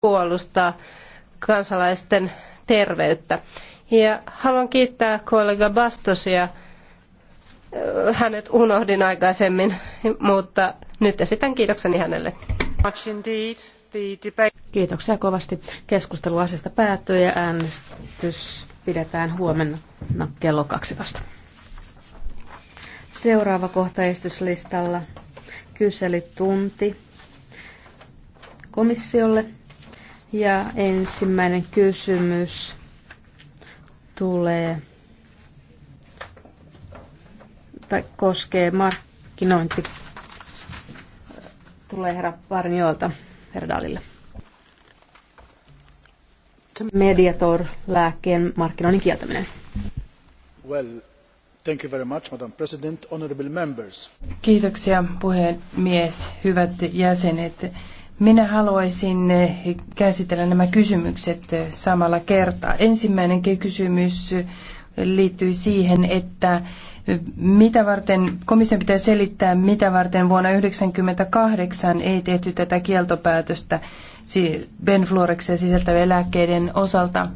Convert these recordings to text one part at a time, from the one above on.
puolustaa kansalaisten terveyttä. Ja haluan kiittää kollega Bastosia. Hänet unohdin aikaisemmin, mutta nyt esitän kiitokseni hänelle. Kiitoksia kovasti. Keskustelu asiasta päättyy ja äänestys pidetään huomenna kello 12. Seuraava kohta esityslistalla kyselytunti komissiolle. Ja ensimmäinen kysymys tulee tai koskee markkinointi. Tulee herra Varniolta, herra Dalille. Mediator-lääkkeen markkinoinnin kieltäminen. Well, thank you very much, Madam President, honorable members. Kiitoksia puhemies, hyvät jäsenet. Minä haluaisin eh, käsitellä nämä kysymykset eh, samalla kertaa. Ensimmäinen kysymys eh, liittyy siihen, että mitä varten, komission pitää selittää, mitä varten vuonna 1998 ei tehty tätä kieltopäätöstä Benflorexia sisältävien lääkkeiden osalta.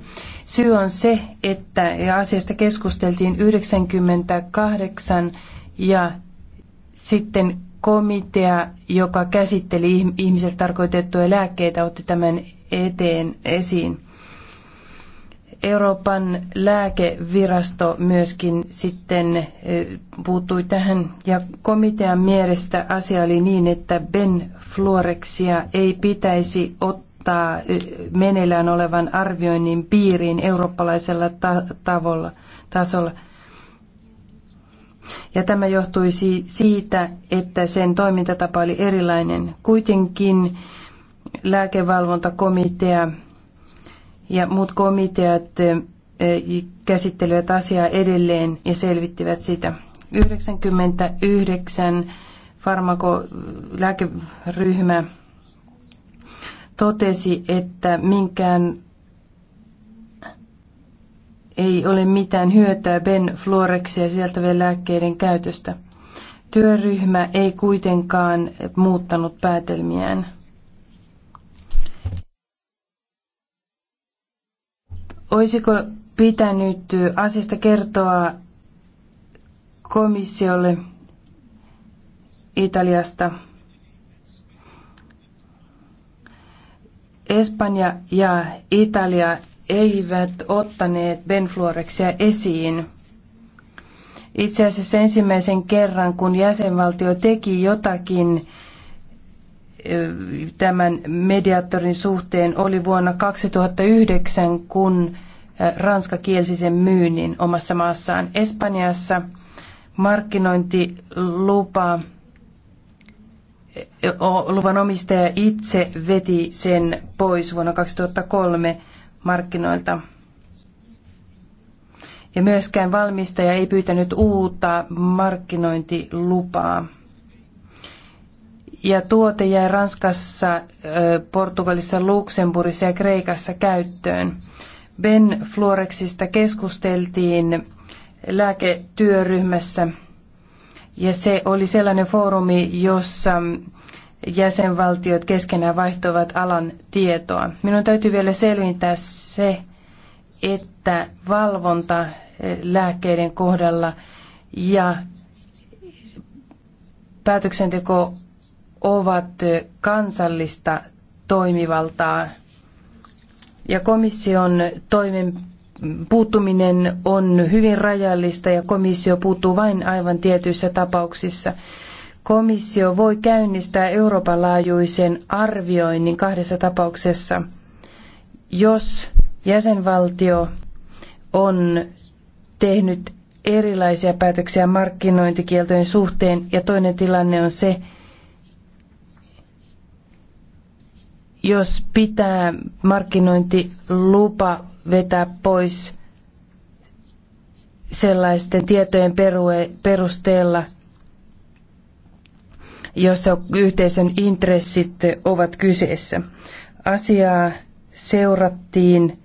Syy on se, että asiasta keskusteltiin 1998 ja sitten komitea, joka käsitteli ihmisille tarkoitettuja lääkkeitä, otti tämän eteen esiin. Euroopan lääkevirasto myöskin sitten puuttui tähän ja komitean mielestä asia oli niin, että benfluoreksia ei pitäisi ottaa meneillään olevan arvioinnin piiriin eurooppalaisella ta- tavalla, tasolla – ja tämä johtuisi siitä, että sen toimintatapa oli erilainen. Kuitenkin lääkevalvontakomitea ja muut komiteat käsittelivät asiaa edelleen ja selvittivät sitä. 99 farmakolääkeryhmä totesi, että minkään ei ole mitään hyötyä benfluoreksia sieltävien lääkkeiden käytöstä. Työryhmä ei kuitenkaan muuttanut päätelmiään. Olisiko pitänyt asiasta kertoa komissiolle Italiasta? Espanja ja Italia eivät ottaneet benfluoreksia esiin. Itse asiassa ensimmäisen kerran, kun jäsenvaltio teki jotakin tämän mediaattorin suhteen, oli vuonna 2009, kun Ranska kielsi sen myynnin omassa maassaan. Espanjassa markkinointilupa luvan omistaja itse veti sen pois vuonna 2003 markkinoilta. Ja myöskään valmistaja ei pyytänyt uutta markkinointilupaa. Ja tuote jäi Ranskassa, Portugalissa, Luxemburgissa ja Kreikassa käyttöön. Ben Florexista keskusteltiin lääketyöryhmässä ja se oli sellainen foorumi, jossa jäsenvaltiot keskenään vaihtoivat alan tietoa. Minun täytyy vielä selvittää se, että valvonta eh, lääkkeiden kohdalla ja päätöksenteko ovat eh, kansallista toimivaltaa. Ja komission toimen puuttuminen on hyvin rajallista ja komissio puuttuu vain aivan tietyissä tapauksissa komissio voi käynnistää Euroopan laajuisen arvioinnin kahdessa tapauksessa, jos jäsenvaltio on tehnyt erilaisia päätöksiä markkinointikieltojen suhteen ja toinen tilanne on se, jos pitää markkinointilupa vetää pois sellaisten tietojen perusteella, jossa yhteisön intressit ovat kyseessä. Asiaa seurattiin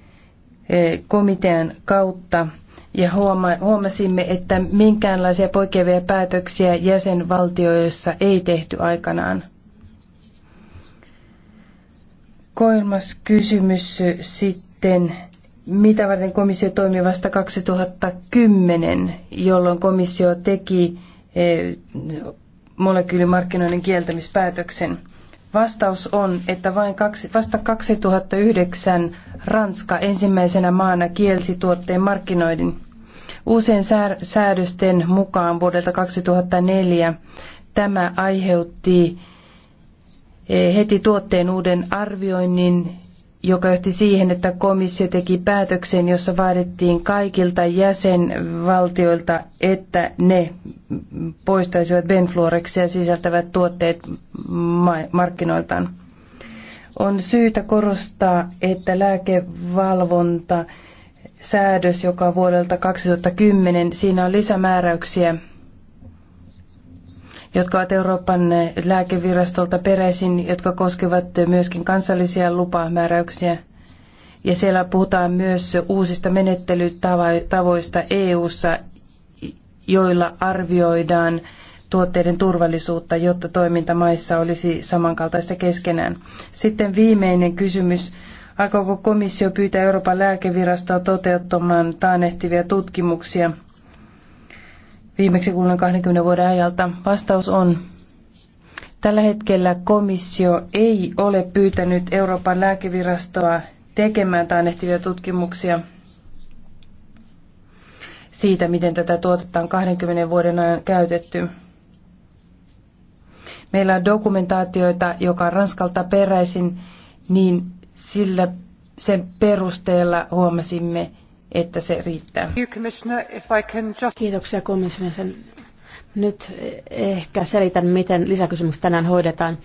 eh, komitean kautta ja huomasimme, että minkäänlaisia poikkeavia päätöksiä jäsenvaltioissa ei tehty aikanaan. Kolmas kysymys sitten, mitä varten komissio toimi vasta 2010, jolloin komissio teki eh, molekyylimarkkinoinnin kieltämispäätöksen? Vastaus on, että vain kaksi, vasta 2009 Ranska ensimmäisenä maana kielsi tuotteen markkinoinnin. Uusien säädösten mukaan vuodelta 2004 tämä aiheutti eh, heti tuotteen uuden arvioinnin joka johti siihen, että komissio teki päätöksen, jossa vaadittiin kaikilta jäsenvaltioilta, että ne poistaisivat benfluoreksia sisältävät tuotteet markkinoiltaan. On syytä korostaa, että lääkevalvonta säädös, joka on vuodelta 2010, siinä on lisämääräyksiä jotka ovat Euroopan lääkevirastolta peräisin, jotka koskevat myöskin kansallisia lupamääräyksiä. Ja siellä puhutaan myös uusista menettelytavoista EU-ssa, joilla arvioidaan tuotteiden turvallisuutta, jotta toiminta maissa olisi samankaltaista keskenään. Sitten viimeinen kysymys. Aikooko komissio pyytää Euroopan lääkevirastoa toteuttamaan taanehtivia tutkimuksia – viimeksi kuluneen 20 vuoden ajalta? Vastaus on, tällä hetkellä komissio ei ole pyytänyt Euroopan lääkevirastoa tekemään taannehtivia tutkimuksia siitä, miten tätä tuotetta on 20 vuoden ajan käytetty. Meillä on dokumentaatioita, joka on Ranskalta peräisin, niin sillä sen perusteella huomasimme, että se riittää. Kiitoksia komissio. Nyt ehkä selitän, miten lisäkysymykset tänään hoidetaan.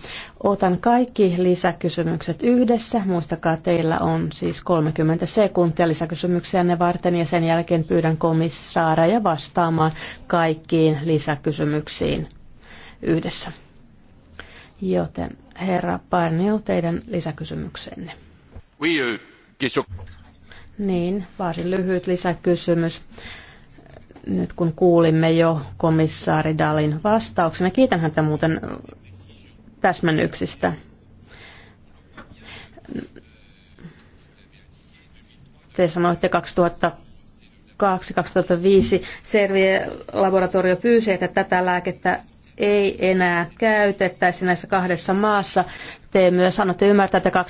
Otan kaikki lisäkysymykset yhdessä. Muistakaa, teillä on siis 30 sekuntia lisäkysymyksiä ne varten ja sen jälkeen pyydän komissaareja vastaamaan kaikkiin lisäkysymyksiin yhdessä. Joten herra Parnio, teidän lisäkysymyksenne. Euh, niin, varsin lyhyt lisäkysymys. Nyt kun kuulimme jo komissaari Dalin vastauksen, ja kiitän häntä muuten täsmennyksistä. Te sanoitte 2000 2002-2005 Servie-laboratorio pyysi, että tätä lääkettä ei enää käytettäisi näissä kahdessa maassa. Te myös annatte ymmärtää, että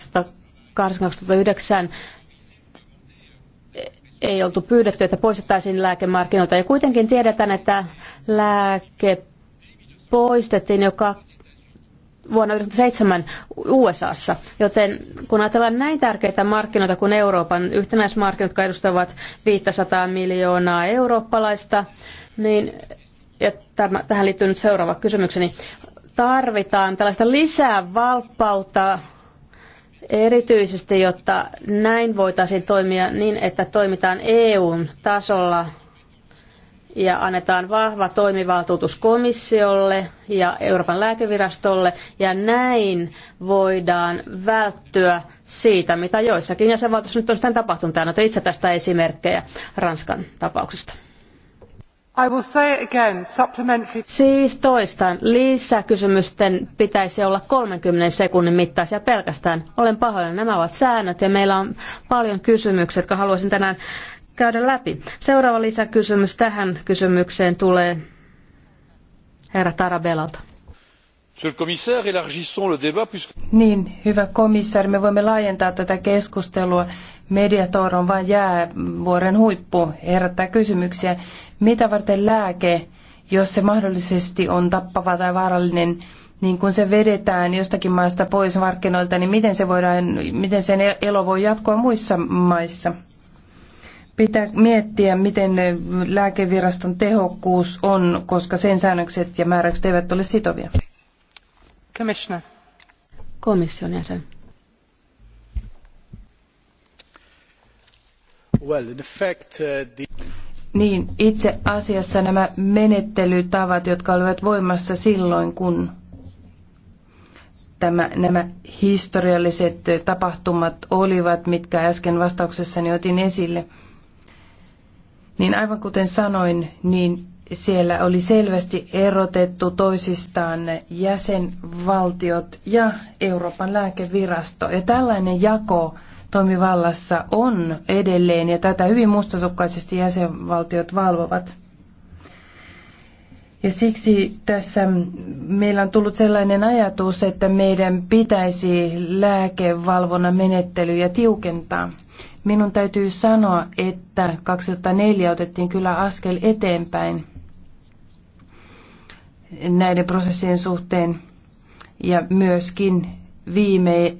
2008-2009 ei oltu pyydetty, että poistettaisiin lääkemarkkinoilta. Ja kuitenkin tiedetään, että lääke poistettiin joka vuonna 1997 USAssa. Joten kun ajatellaan näin tärkeitä markkinoita kuin Euroopan yhtenäismarkkinat, jotka edustavat 500 miljoonaa eurooppalaista, niin ja tämä, tähän liittyy nyt seuraava kysymykseni. Tarvitaan tällaista lisää valppautta Erityisesti, jotta näin voitaisiin toimia niin, että toimitaan EUn tasolla ja annetaan vahva toimivaltuutus komissiolle ja Euroopan lääkevirastolle, ja näin voidaan välttyä siitä, mitä joissakin jäsenvaltioissa nyt on sitten tapahtunut. Annoitte itse tästä esimerkkejä Ranskan tapauksesta. I will say it again, supplementary... Siis toistan, lisäkysymysten pitäisi olla 30 sekunnin mittaisia pelkästään. Olen pahoillani, nämä ovat säännöt ja meillä on paljon kysymyksiä, jotka haluaisin tänään käydä läpi. Seuraava lisäkysymys tähän kysymykseen tulee herra Tarabellalta. Niin, hyvä komissaari, me voimme laajentaa tätä keskustelua Mediator on vain jäävuoren huippu. Herättää kysymyksiä, mitä varten lääke, jos se mahdollisesti on tappava tai vaarallinen, niin kun se vedetään jostakin maasta pois markkinoilta, niin miten, se voidaan, miten sen elo voi jatkoa muissa maissa? Pitää miettiä, miten lääkeviraston tehokkuus on, koska sen säännökset ja määräykset eivät ole sitovia. Komission jäsen. Uh, niin, itse asiassa nämä menettelytavat, jotka olivat voimassa silloin, kun tämä, nämä historialliset tapahtumat olivat, mitkä äsken vastauksessani otin esille, niin aivan kuten sanoin, niin siellä oli selvästi erotettu toisistaan jäsenvaltiot ja Euroopan lääkevirasto. Ja tällainen jako toimivallassa on edelleen ja tätä hyvin mustasukkaisesti jäsenvaltiot valvovat. Ja siksi tässä meillä on tullut sellainen ajatus, että meidän pitäisi lääkevalvonnan menettelyjä tiukentaa. Minun täytyy sanoa, että 2004 otettiin kyllä askel eteenpäin näiden prosessien suhteen ja myöskin viime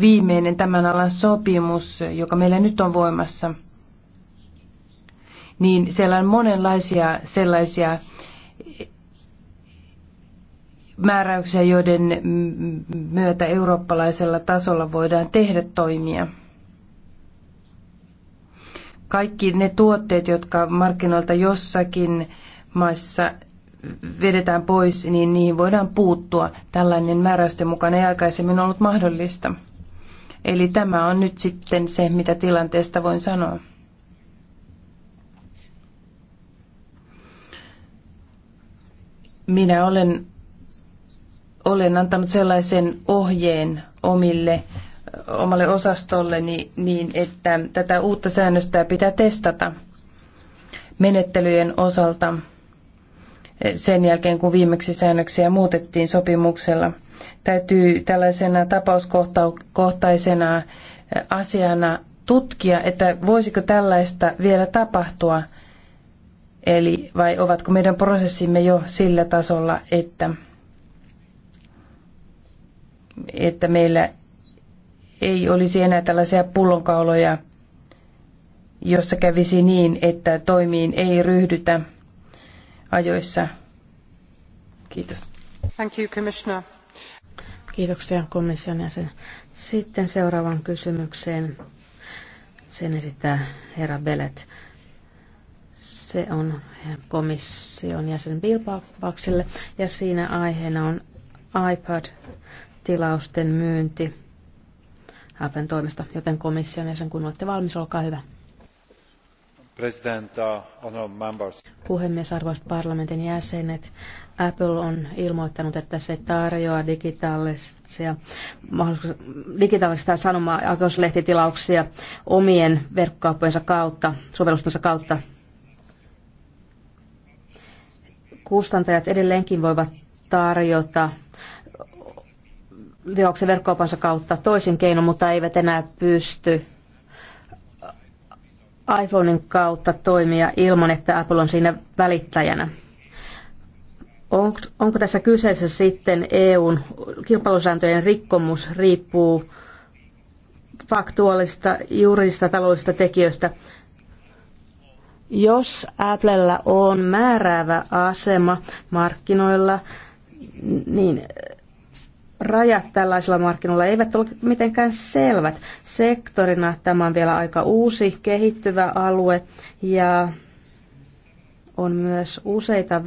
viimeinen tämän alan sopimus, joka meillä nyt on voimassa, niin siellä on monenlaisia sellaisia määräyksiä, joiden myötä eurooppalaisella tasolla voidaan tehdä toimia. Kaikki ne tuotteet, jotka markkinoilta jossakin maissa vedetään pois, niin niihin voidaan puuttua. Tällainen määräysten mukaan ei aikaisemmin ollut mahdollista. Eli tämä on nyt sitten se, mitä tilanteesta voin sanoa. Minä olen, olen antanut sellaisen ohjeen omille, omalle osastolleni niin, että tätä uutta säännöstä pitää testata menettelyjen osalta sen jälkeen, kun viimeksi säännöksiä muutettiin sopimuksella – täytyy tällaisena tapauskohtaisena asiana tutkia, että voisiko tällaista vielä tapahtua, eli vai ovatko meidän prosessimme jo sillä tasolla, että, että meillä ei olisi enää tällaisia pullonkauloja, jossa kävisi niin, että toimiin ei ryhdytä ajoissa. Kiitos. Thank you, Commissioner. Kiitoksia komission jäsen. Sitten seuraavan kysymykseen. Sen esittää herra Belet. Se on komission jäsen Bilbaukselle ja siinä aiheena on iPad-tilausten myynti Applen toimesta, joten komission jäsen, kun olette valmis, olkaa hyvä. President, uh, Puhemies, arvoisat parlamentin jäsenet, Apple on ilmoittanut, että se tarjoaa digitaalisia, digitaalista sanomaa lehtitilauksia omien verkkokauppojensa kautta, sovellustensa kautta. Kustantajat edelleenkin voivat tarjota tilauksen verkkokaupansa kautta toisin keinon, mutta eivät enää pysty iPhonein kautta toimia ilman, että Apple on siinä välittäjänä onko, onko tässä kyseessä sitten EUn kilpailusääntöjen rikkomus riippuu faktuaalista, juridista, taloudellisista tekijöistä. Jos Applella on määräävä asema markkinoilla, niin rajat tällaisilla markkinoilla eivät ole mitenkään selvät. Sektorina tämä on vielä aika uusi, kehittyvä alue ja on myös useita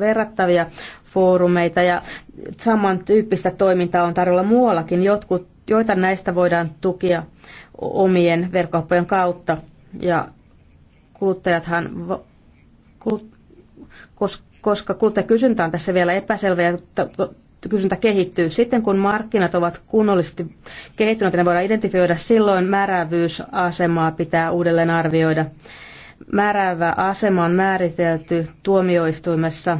verrattavia foorumeita ja samantyyppistä toimintaa on tarjolla muuallakin. Jotkut, joita näistä voidaan tukia omien verkkokauppojen kautta ja kuluttajathan, koska kuluttajakysyntä on tässä vielä epäselvä ja kysyntä kehittyy. Sitten kun markkinat ovat kunnollisesti kehittyneet, ne voidaan identifioida, silloin määräävyysasemaa pitää uudelleen arvioida määräävä asema on määritelty tuomioistuimessa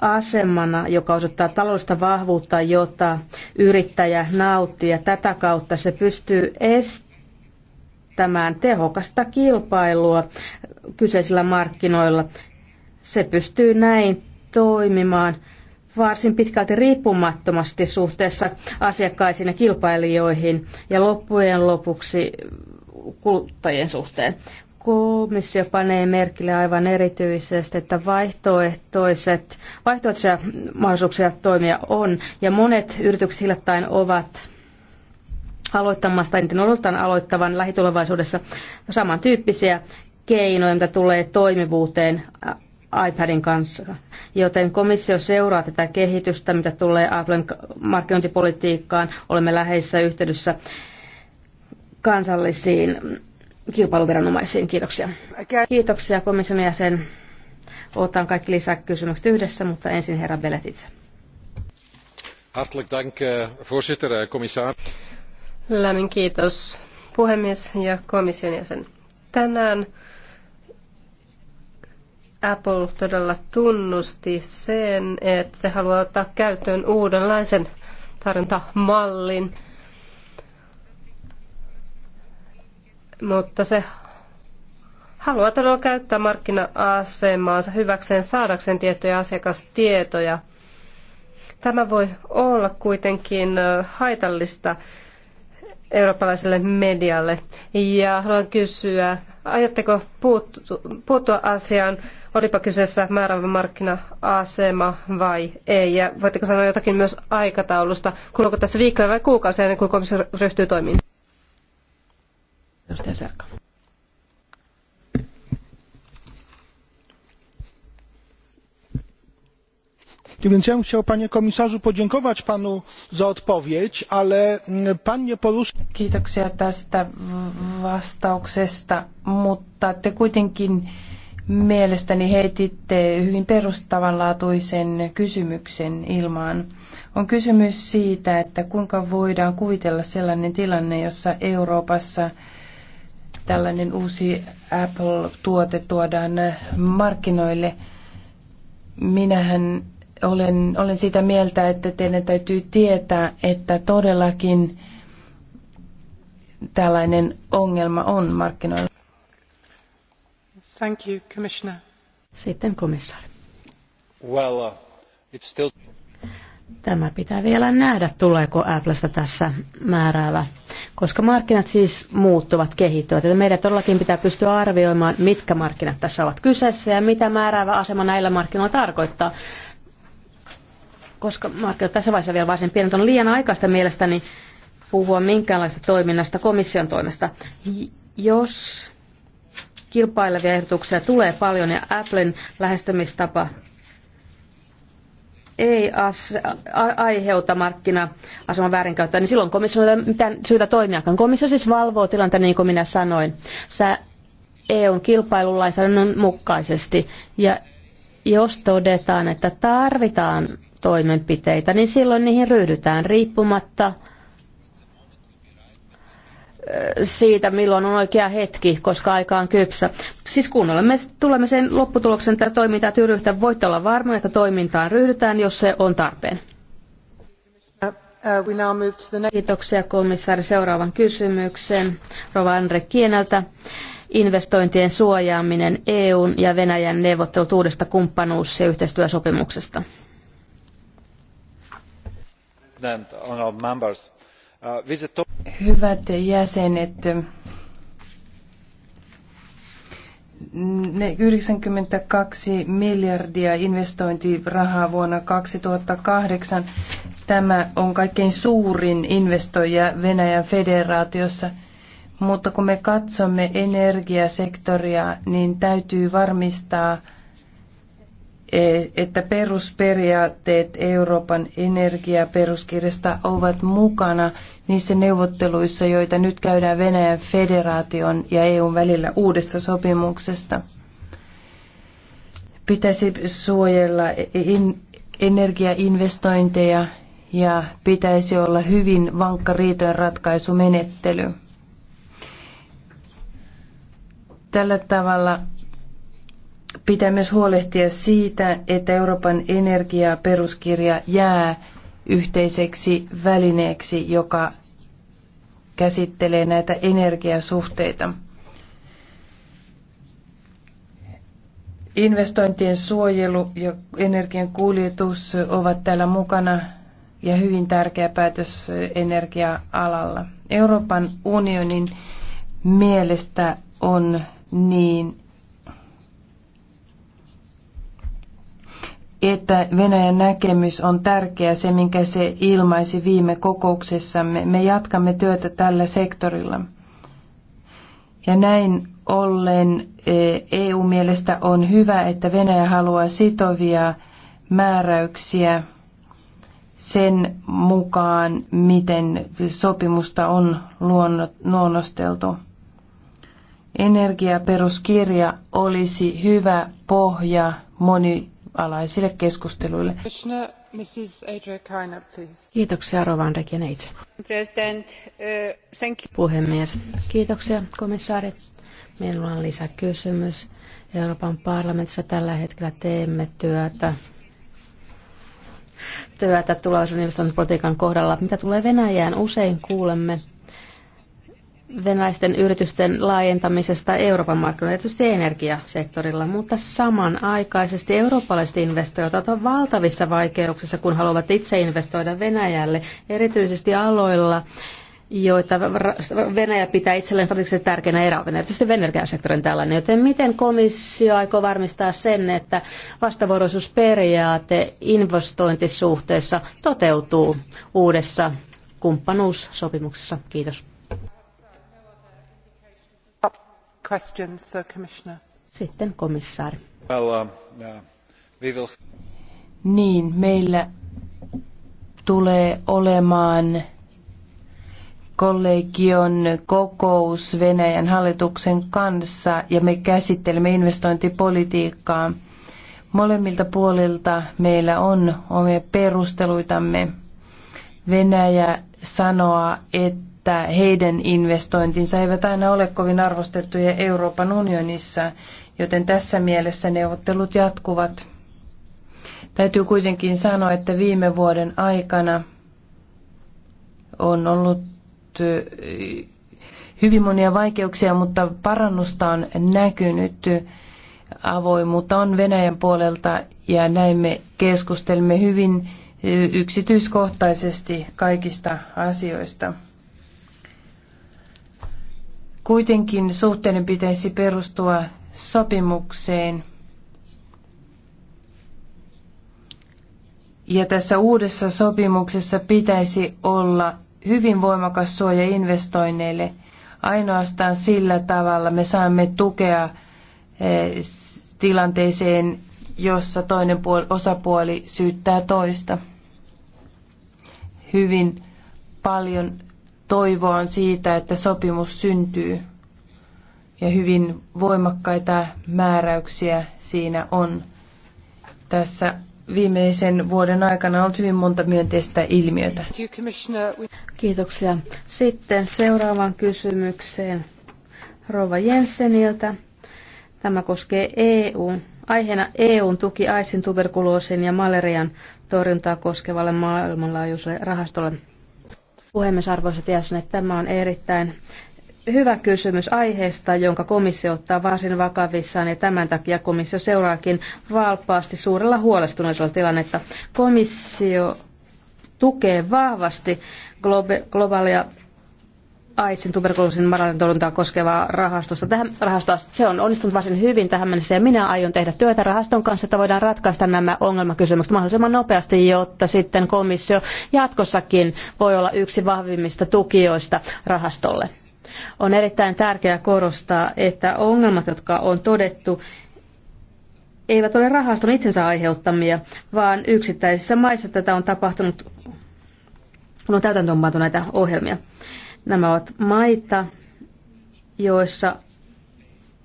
asemana, joka osoittaa taloudellista vahvuutta, jota yrittäjä nauttii ja tätä kautta se pystyy estämään tehokasta kilpailua kyseisillä markkinoilla. Se pystyy näin toimimaan varsin pitkälti riippumattomasti suhteessa asiakkaisiin ja kilpailijoihin ja loppujen lopuksi kuluttajien suhteen komissio panee merkille aivan erityisesti, että vaihtoehtoiset, vaihtoehtoisia mahdollisuuksia toimia on, ja monet yritykset hiljattain ovat aloittamasta, eniten odotan aloittavan lähitulevaisuudessa samantyyppisiä keinoja, mitä tulee toimivuuteen iPadin kanssa. Joten komissio seuraa tätä kehitystä, mitä tulee Applen markkinointipolitiikkaan. Olemme läheisessä yhteydessä kansallisiin kilpailuviranomaisiin. Kiitoksia. Kiitoksia komission jäsen. Otan kaikki lisäkysymykset yhdessä, mutta ensin herra Belet itse. Hartelijk dank, eh, voorzitter, eh, commissaris. Lämmin kiitos puhemies ja komission jäsen. Tänään Apple todella tunnusti sen, että se haluaa ottaa käyttöön uudenlaisen tarjontamallin, mutta se haluaa todella käyttää markkina-asemaansa hyväkseen saadakseen tiettyjä asiakastietoja. Tämä voi olla kuitenkin haitallista eurooppalaiselle medialle. Ja haluan kysyä, aiotteko puuttua, puuttua asiaan, olipa kyseessä määrävä markkina-asema vai ei? Ja voitteko sanoa jotakin myös aikataulusta? Kuluuko tässä viikkoja vai kuukausia ennen kuin komissio ryhtyy toimiin? Edustaja Serkka. więc ja bym chciał panie komisarzu podziękować panu za odpowiedź ale mm, pan nie poruszył. kiitoksia tästä vastauksesta mutta te kuitenkin mielestäni heititte hyvin perustavanlaatuisen kysymyksen ilmaan. On kysymys siitä, että kuinka voidaan kuvitella sellainen tilanne, jossa Euroopassa tällainen uusi Apple-tuote tuodaan markkinoille. Minähän olen, olen sitä mieltä, että teidän täytyy tietää, että todellakin tällainen ongelma on markkinoilla. Thank you, Commissioner. Sitten komissaari. Well, uh, it's still... Tämä pitää vielä nähdä, tuleeko Applesta tässä määräävä, koska markkinat siis muuttuvat, kehittyvät. Eli meidän todellakin pitää pystyä arvioimaan, mitkä markkinat tässä ovat kyseessä ja mitä määräävä asema näillä markkinoilla tarkoittaa. Koska markkinat tässä vaiheessa vielä varsin pienet on liian aikaista mielestäni puhua minkäänlaista toiminnasta komission toimesta. Jos kilpailevia ehdotuksia tulee paljon ja Applen lähestymistapa ei as, a, aiheuta markkina-aseman väärinkäyttöä, niin silloin komissio ei ole mitään syytä toimiakaan. Komissio siis valvoo tilanteen, niin kuin minä sanoin, sä EUn kilpailulainsäädännön mukaisesti. Ja jos todetaan, että tarvitaan toimenpiteitä, niin silloin niihin ryhdytään riippumatta – siitä, milloin on oikea hetki, koska aika on kypsä. Siis kun olemme, tulemme sen lopputuloksen, että toimintaa tyryhtä, voitte olla varma, että toimintaan ryhdytään, jos se on tarpeen. Uh, uh, Kiitoksia komissaari. Seuraavan kysymyksen Rova Andre Kieneltä, Investointien suojaaminen EUn ja Venäjän neuvottelut uudesta kumppanuus- ja yhteistyösopimuksesta. members, Uh, Hyvät jäsenet, 92 miljardia investointirahaa vuonna 2008. Tämä on kaikkein suurin investoija Venäjän federaatiossa. Mutta kun me katsomme energiasektoria, niin täytyy varmistaa, että perusperiaatteet Euroopan energiaperuskirjasta ovat mukana niissä neuvotteluissa, joita nyt käydään Venäjän federaation ja EUn välillä uudesta sopimuksesta. Pitäisi suojella energiainvestointeja ja pitäisi olla hyvin vankka ratkaisumenettely Tällä tavalla Pitää myös huolehtia siitä, että Euroopan energiaperuskirja jää yhteiseksi välineeksi, joka käsittelee näitä energiasuhteita. Investointien suojelu ja energian kuljetus ovat täällä mukana ja hyvin tärkeä päätös energia-alalla. Euroopan unionin mielestä on niin, että Venäjän näkemys on tärkeä, se minkä se ilmaisi viime kokouksessamme. Me jatkamme työtä tällä sektorilla. Ja näin ollen EU-mielestä e on hyvä, että Venäjä haluaa sitovia määräyksiä sen mukaan, miten sopimusta on luonnosteltu. Energiaperuskirja olisi hyvä pohja moni alaisille keskusteluille. Kiitoksia Rovan Rekineitse. Uh, Puhemies, kiitoksia komissaari. Minulla on lisäkysymys. Euroopan parlamentissa tällä hetkellä teemme työtä työtä tulevaisuuden investointipolitiikan kohdalla. Mitä tulee Venäjään, usein kuulemme venäläisten yritysten laajentamisesta Euroopan markkinoille, tietysti energiasektorilla, mutta samanaikaisesti eurooppalaiset investoijat ovat valtavissa vaikeuksissa, kun haluavat itse investoida Venäjälle, erityisesti aloilla, joita Venäjä pitää itselleen strategisesti tärkeänä eräävänä, erityisesti energiasektorin tällainen. Joten miten komissio aikoo varmistaa sen, että vastavuoroisuusperiaate investointisuhteessa toteutuu uudessa kumppanuussopimuksessa? Kiitos. Sitten komissaari. Well, um, uh, we will... Niin, meillä tulee olemaan kollegion kokous Venäjän hallituksen kanssa ja me käsittelemme investointipolitiikkaa. Molemmilta puolilta meillä on omia perusteluitamme. Venäjä sanoa, että että heidän investointinsa eivät aina ole kovin arvostettuja Euroopan unionissa, joten tässä mielessä neuvottelut jatkuvat. Täytyy kuitenkin sanoa, että viime vuoden aikana on ollut hyvin monia vaikeuksia, mutta parannusta on näkynyt. Avoimuutta on Venäjän puolelta ja näin me keskustelemme hyvin yksityiskohtaisesti kaikista asioista. Kuitenkin suhteiden pitäisi perustua sopimukseen. Ja tässä uudessa sopimuksessa pitäisi olla hyvin voimakas suoja investoinneille. Ainoastaan sillä tavalla me saamme tukea eh, tilanteeseen, jossa toinen puoli, osapuoli syyttää toista. Hyvin paljon toivoon siitä, että sopimus syntyy ja hyvin voimakkaita määräyksiä siinä on. Tässä viimeisen vuoden aikana on ollut hyvin monta myönteistä ilmiötä. Kiitoksia. Sitten seuraavan kysymykseen Rova Jenseniltä. Tämä koskee EU. Aiheena EUn tuki AISin tuberkuloosin ja malerian torjuntaa koskevalle maailmanlaajuiselle rahastolle Puhemies, tiesin, että tämä on erittäin hyvä kysymys aiheesta, jonka komissio ottaa varsin vakavissaan ja tämän takia komissio seuraakin valpaasti suurella huolestuneisuudella tilannetta. Komissio tukee vahvasti globaalia AIDSin tuberkuloosin maralin torjuntaa koskevaa rahastosta. Tähän rahastoa se on onnistunut varsin hyvin tähän mennessä ja minä aion tehdä työtä rahaston kanssa, että voidaan ratkaista nämä ongelmakysymykset mahdollisimman nopeasti, jotta sitten komissio jatkossakin voi olla yksi vahvimmista tukijoista rahastolle. On erittäin tärkeää korostaa, että ongelmat, jotka on todettu, eivät ole rahaston itsensä aiheuttamia, vaan yksittäisissä maissa tätä on tapahtunut, kun on täytäntöönpantu näitä ohjelmia. Nämä ovat maita, joissa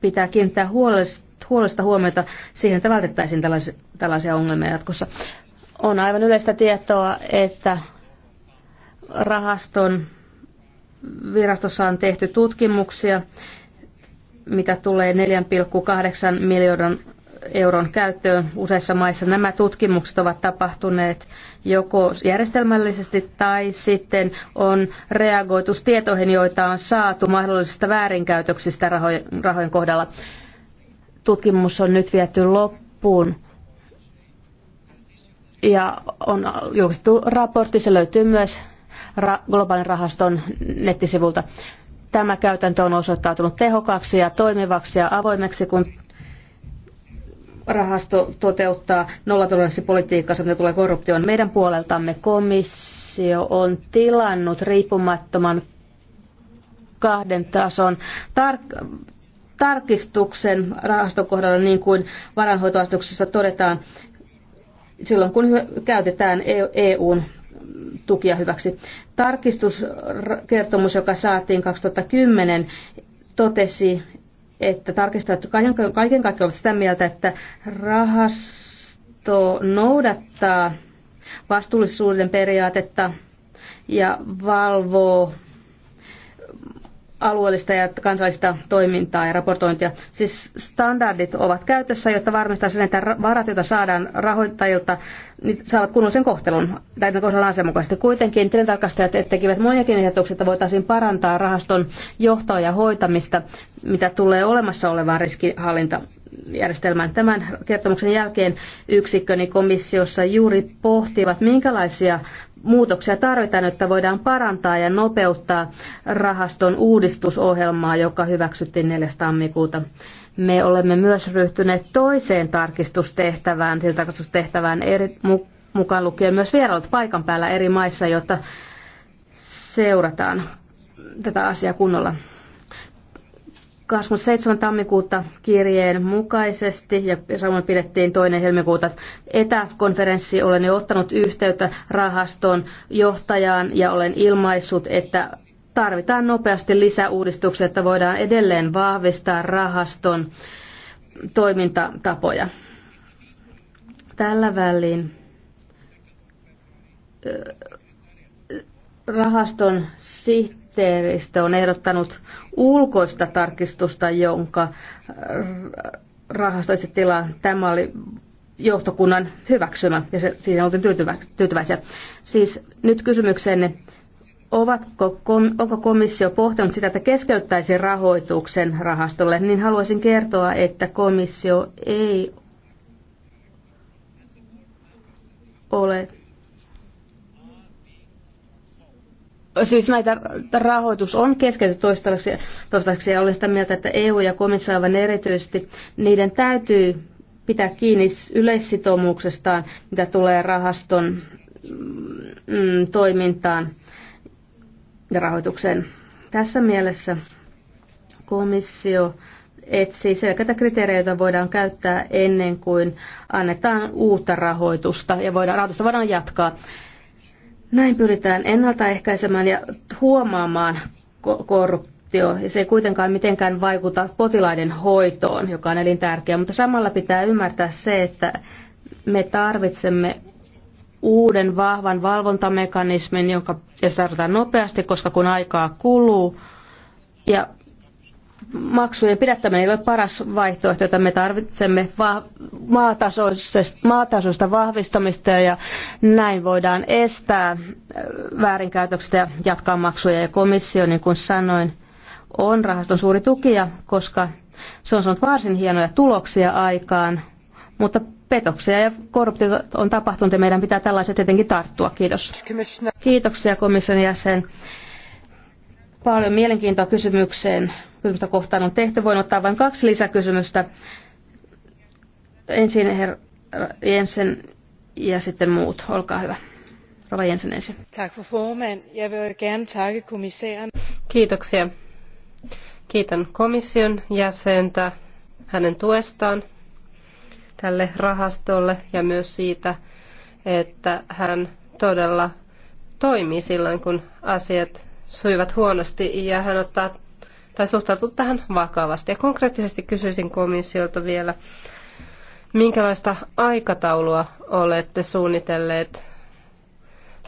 pitää kiinnittää huolesta huomiota siihen, että vältettäisiin tällaisia, tällaisia ongelmia jatkossa. On aivan yleistä tietoa, että rahaston virastossa on tehty tutkimuksia, mitä tulee 4,8 miljoonan euron käyttöön useissa maissa. Nämä tutkimukset ovat tapahtuneet joko järjestelmällisesti tai sitten on reagoitu tietoihin, joita on saatu mahdollisista väärinkäytöksistä rahojen kohdalla. Tutkimus on nyt viety loppuun ja on julkistettu raportti, se löytyy myös ra- globaalin rahaston nettisivulta. Tämä käytäntö on osoittautunut tehokkaaksi ja toimivaksi ja avoimeksi, kun rahasto toteuttaa nollatoleranssipolitiikkaansa, mitä tulee korruptioon. Meidän puoleltamme komissio on tilannut riippumattoman kahden tason tar- tarkistuksen kohdalla, niin kuin varanhoitoasetuksessa todetaan, silloin kun käytetään e- EUn tukia hyväksi. Tarkistuskertomus, joka saatiin 2010, totesi, että tarkistajat kaiken, kaiken kaikkiaan ovat sitä mieltä, että rahasto noudattaa vastuullisuuden periaatetta ja valvoo alueellista ja kansallista toimintaa ja raportointia. Siis standardit ovat käytössä, jotta varmistaa sen, että varat, joita saadaan rahoittajilta, niin saavat kunnollisen kohtelun näiden kohdalla asianmukaisesti. Kuitenkin tilintarkastajat tekivät moniakin ehdotuksia, että voitaisiin parantaa rahaston johtoa ja hoitamista, mitä tulee olemassa olevaan riskihallinta Järjestelmän Tämän kertomuksen jälkeen yksikköni komissiossa juuri pohtivat, minkälaisia muutoksia tarvitaan, että voidaan parantaa ja nopeuttaa rahaston uudistusohjelmaa, joka hyväksyttiin 4. tammikuuta. Me olemme myös ryhtyneet toiseen tarkistustehtävään, sillä tarkistustehtävään eri, mukaan lukien myös vierailut paikan päällä eri maissa, jotta seurataan tätä asiaa kunnolla. 27. tammikuuta kirjeen mukaisesti ja samoin pidettiin toinen helmikuuta etäkonferenssi. Olen jo ottanut yhteyttä rahaston johtajaan ja olen ilmaissut, että tarvitaan nopeasti lisäuudistuksia, että voidaan edelleen vahvistaa rahaston toimintatapoja. Tällä välin rahaston sihteeri ministeristö on ehdottanut ulkoista tarkistusta, jonka rahastoisi tilaan. Tämä oli johtokunnan hyväksymä ja se, siihen oltiin tyytyvä, tyytyväisiä. Siis nyt kysymykseenne, ovatko, kom, onko komissio pohtanut sitä, että keskeyttäisi rahoituksen rahastolle, niin haluaisin kertoa, että komissio ei ole Siis näitä rahoitus on keskeytetty toistaiseksi, toistaiseksi ja olen sitä mieltä, että EU ja komissio aivan erityisesti, niiden täytyy pitää kiinni yleissitoumuksestaan, mitä tulee rahaston mm, toimintaan ja rahoitukseen. Tässä mielessä komissio etsii selkeitä kriteerejä, joita voidaan käyttää ennen kuin annetaan uutta rahoitusta ja voidaan, rahoitusta voidaan jatkaa. Näin pyritään ennaltaehkäisemään ja huomaamaan korruptio. Se ei kuitenkaan mitenkään vaikuta potilaiden hoitoon, joka on elintärkeää, mutta samalla pitää ymmärtää se, että me tarvitsemme uuden vahvan valvontamekanismin, joka tarvitaan nopeasti, koska kun aikaa kuluu ja maksujen pidättäminen ei ole paras vaihtoehto, jota me tarvitsemme va- maatasoista vahvistamista ja näin voidaan estää äh, väärinkäytökset ja jatkaa maksuja. Ja komissio, niin kuin sanoin, on rahaston suuri tukija, koska se on saanut varsin hienoja tuloksia aikaan, mutta petoksia ja korruptiota on tapahtunut ja meidän pitää tällaiset tietenkin tarttua. Kiitos. Kiitoksia komission jäsen. Paljon mielenkiintoa kysymykseen kysymystä kohtaan on tehty. Voin ottaa vain kaksi lisäkysymystä. Ensin herra Jensen ja sitten muut. Olkaa hyvä. Rova Jensen ensin. Tack för formen. Jag vill gärna tacka kommissären. Kiitoksia. Kiitän komission jäsentä hänen tuestaan tälle rahastolle ja myös siitä, että hän todella toimii silloin, kun asiat suivat huonosti ja hän ottaa tai suhtautua tähän vakavasti. Ja konkreettisesti kysyisin komissiolta vielä, minkälaista aikataulua olette suunnitelleet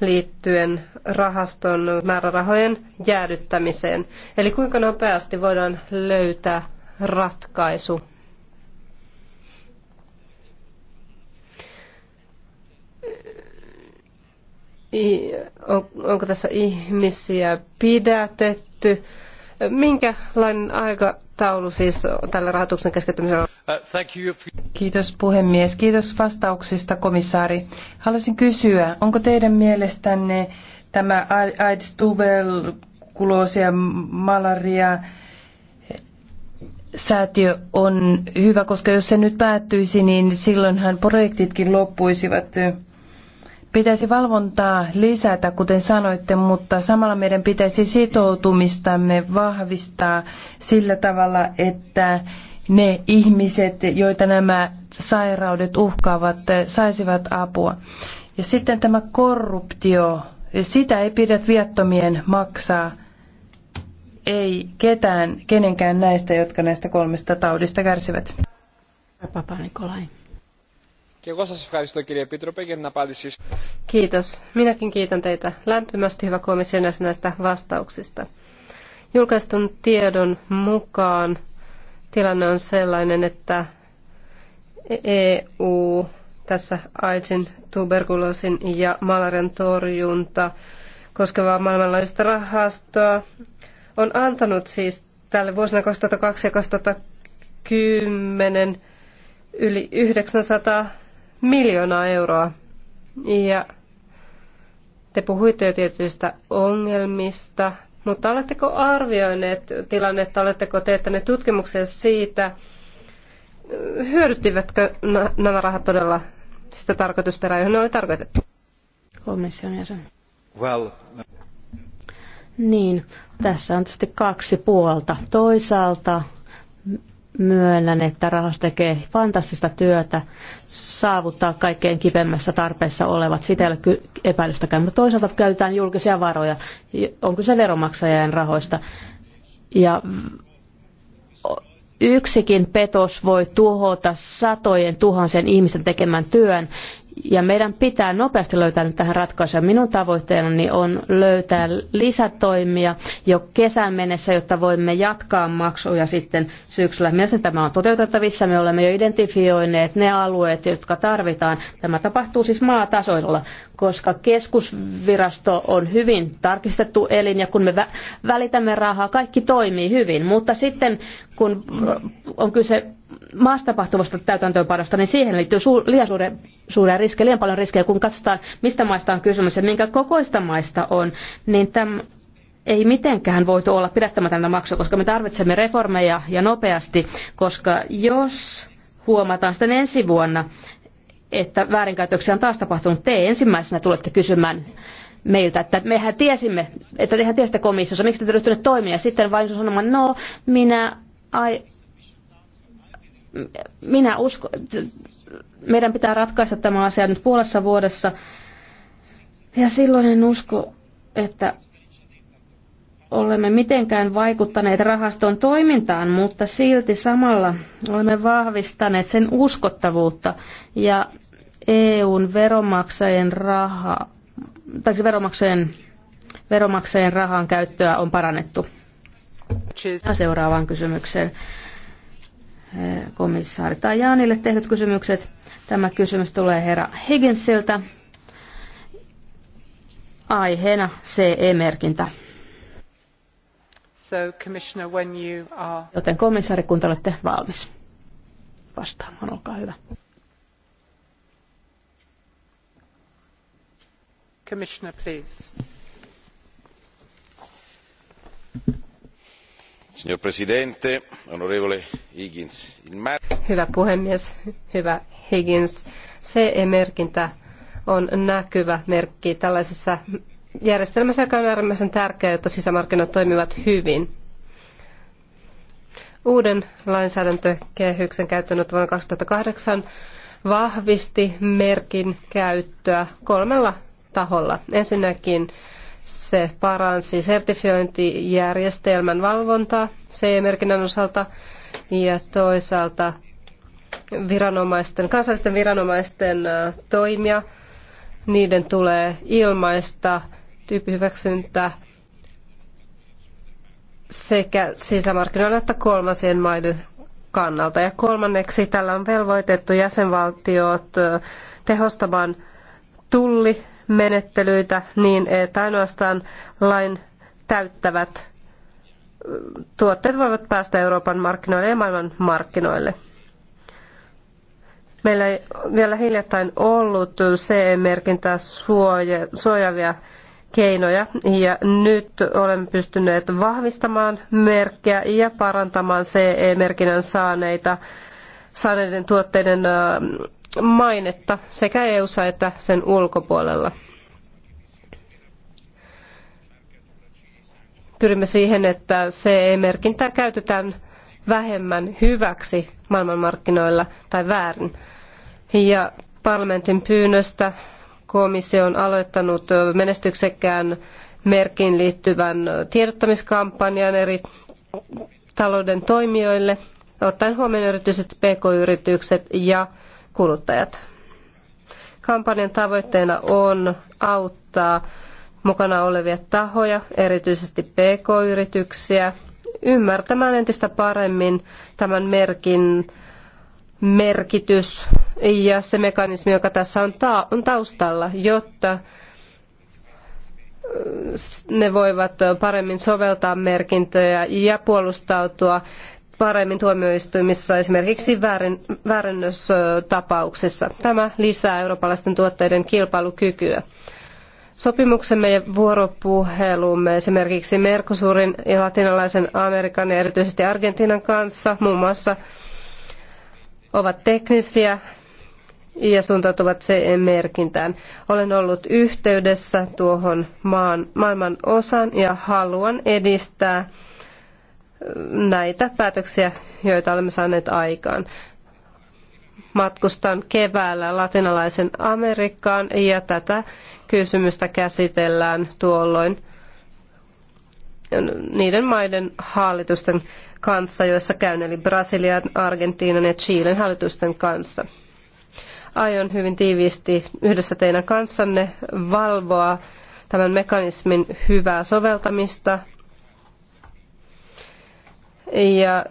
liittyen rahaston määrärahojen jäädyttämiseen. Eli kuinka nopeasti voidaan löytää ratkaisu onko tässä ihmisiä pidätetty Minkälainen aikataulu siis tällä rahoituksen keskittymisellä uh, Kiitos puhemies. Kiitos vastauksista, komissaari. Haluaisin kysyä, onko teidän mielestänne tämä AIDS, tuberkuloosi ja malaria säätiö on hyvä, koska jos se nyt päättyisi, niin silloinhan projektitkin loppuisivat. Pitäisi valvontaa lisätä, kuten sanoitte, mutta samalla meidän pitäisi sitoutumistamme vahvistaa sillä tavalla, että ne ihmiset, joita nämä sairaudet uhkaavat, saisivat apua. Ja sitten tämä korruptio, sitä ei pidä viattomien maksaa. Ei ketään, kenenkään näistä, jotka näistä kolmesta taudista kärsivät. Papa Nikolai. Kiitos. Minäkin kiitän teitä lämpimästi, hyvä komission jäsen, näistä vastauksista. Julkaistun tiedon mukaan tilanne on sellainen, että EU tässä AIDSin, tuberkuloosin ja malarian torjunta koskevaa maailmanlaajuista rahastoa on antanut siis tälle vuosina 2002 ja 2010 yli 900 miljoonaa euroa. Ja te puhuitte jo tietyistä ongelmista, mutta oletteko arvioineet tilannetta, oletteko teettäneet tutkimuksia siitä, hyödyttivätkö nämä rahat todella sitä tarkoitusperää, johon ne oli tarkoitettu? Komission jäsen. Well, no. Niin, tässä on tietysti kaksi puolta. Toisaalta myönnän, että rahasto tekee fantastista työtä saavuttaa kaikkein kipemmässä tarpeessa olevat. Sitä ei ole epäilystäkään, mutta toisaalta käytetään julkisia varoja. On kyse veromaksajien rahoista. Ja yksikin petos voi tuhota satojen tuhansien ihmisten tekemän työn ja meidän pitää nopeasti löytää nyt tähän ratkaisuja. Minun tavoitteeni on löytää lisätoimia jo kesän mennessä, jotta voimme jatkaa maksuja sitten syksyllä. Mielestäni tämä on toteutettavissa. Me olemme jo identifioineet ne alueet, jotka tarvitaan. Tämä tapahtuu siis maatasoilla, koska keskusvirasto on hyvin tarkistettu elin ja kun me vä- välitämme rahaa, kaikki toimii hyvin. Mutta sitten kun on kyse maassa tapahtuvasta täytäntöönpanosta, niin siihen liittyy su- liian suuria, suuria riskejä, liian paljon riskejä, kun katsotaan, mistä maista on kysymys ja minkä kokoista maista on, niin täm, ei mitenkään voitu olla pidättämätöntä maksua, koska me tarvitsemme reformeja ja nopeasti, koska jos huomataan sitten ensi vuonna, että väärinkäytöksiä on taas tapahtunut, te ensimmäisenä tulette kysymään meiltä, että mehän tiesimme, että tehän tiesitte komissiossa, miksi te ryhtyneet toimia, ja sitten vain sanomaan, no, minä ai, minä usko, meidän pitää ratkaista tämä asia nyt puolessa vuodessa. Ja silloin en usko, että olemme mitenkään vaikuttaneet rahaston toimintaan, mutta silti samalla olemme vahvistaneet sen uskottavuutta ja EUn veromaksajien raha, tai siis veromaksajien, veromaksajien rahan käyttöä on parannettu. Seuraavaan kysymykseen. Eh, komissaari Tajanille tehdyt kysymykset. Tämä kysymys tulee herra Higginsiltä. Aiheena CE-merkintä. So, are... Joten komissaari, kun te olette valmis vastaamaan, olkaa hyvä. Commissioner, please. Signor Presidente, onorevole Higgins. Hyvä puhemies, hyvä Higgins. CE-merkintä on näkyvä merkki tällaisessa järjestelmässä, joka on äärimmäisen tärkeä jotta sisämarkkinat toimivat hyvin. Uuden lainsäädäntökehyksen käyttöönot vuonna kahdeksan vahvisti merkin käyttöä kolmella taholla. Ensinnäkin se paransi sertifiointijärjestelmän valvontaa CE-merkinnän osalta ja toisaalta viranomaisten, kansallisten viranomaisten toimia. Niiden tulee ilmaista tyyppihyväksyntä sekä sisämarkkinoilla että kolmansien maiden kannalta. Ja kolmanneksi tällä on velvoitettu jäsenvaltiot tehostamaan tulli- menettelyitä niin, että ainoastaan lain täyttävät tuotteet voivat päästä Euroopan markkinoille ja maailman markkinoille. Meillä ei vielä hiljattain ollut CE-merkintää suoja, suojavia keinoja ja nyt olemme pystyneet vahvistamaan merkkiä ja parantamaan CE-merkinnän saaneita, saaneiden tuotteiden mainetta sekä EU-ssa että sen ulkopuolella. Pyrimme siihen, että CE-merkintää käytetään vähemmän hyväksi maailmanmarkkinoilla tai väärin. Ja parlamentin pyynnöstä komissio on aloittanut menestyksekkään merkin liittyvän tiedottamiskampanjan eri talouden toimijoille, ottaen huomioon erityisesti pk-yritykset ja kuluttajat. Kampanjan tavoitteena on auttaa mukana olevia tahoja, erityisesti pk-yrityksiä, ymmärtämään entistä paremmin tämän merkin merkitys ja se mekanismi, joka tässä on, ta- on taustalla, jotta ne voivat paremmin soveltaa merkintöjä ja puolustautua paremmin tuomioistuimissa esimerkiksi väärin, väärennöstapauksissa. Tämä lisää eurooppalaisten tuotteiden kilpailukykyä. Sopimuksemme ja vuoropuhelumme esimerkiksi Mercosurin ja latinalaisen Amerikan ja erityisesti Argentiinan kanssa muun muassa ovat teknisiä ja suuntautuvat CE-merkintään. Olen ollut yhteydessä tuohon maan, maailman osan ja haluan edistää näitä päätöksiä, joita olemme saaneet aikaan. Matkustan keväällä latinalaisen Amerikkaan ja tätä kysymystä käsitellään tuolloin niiden maiden hallitusten kanssa, joissa käyn, eli Brasilian, Argentiinan ja Chilen hallitusten kanssa. Aion hyvin tiiviisti yhdessä teidän kanssanne valvoa tämän mekanismin hyvää soveltamista ja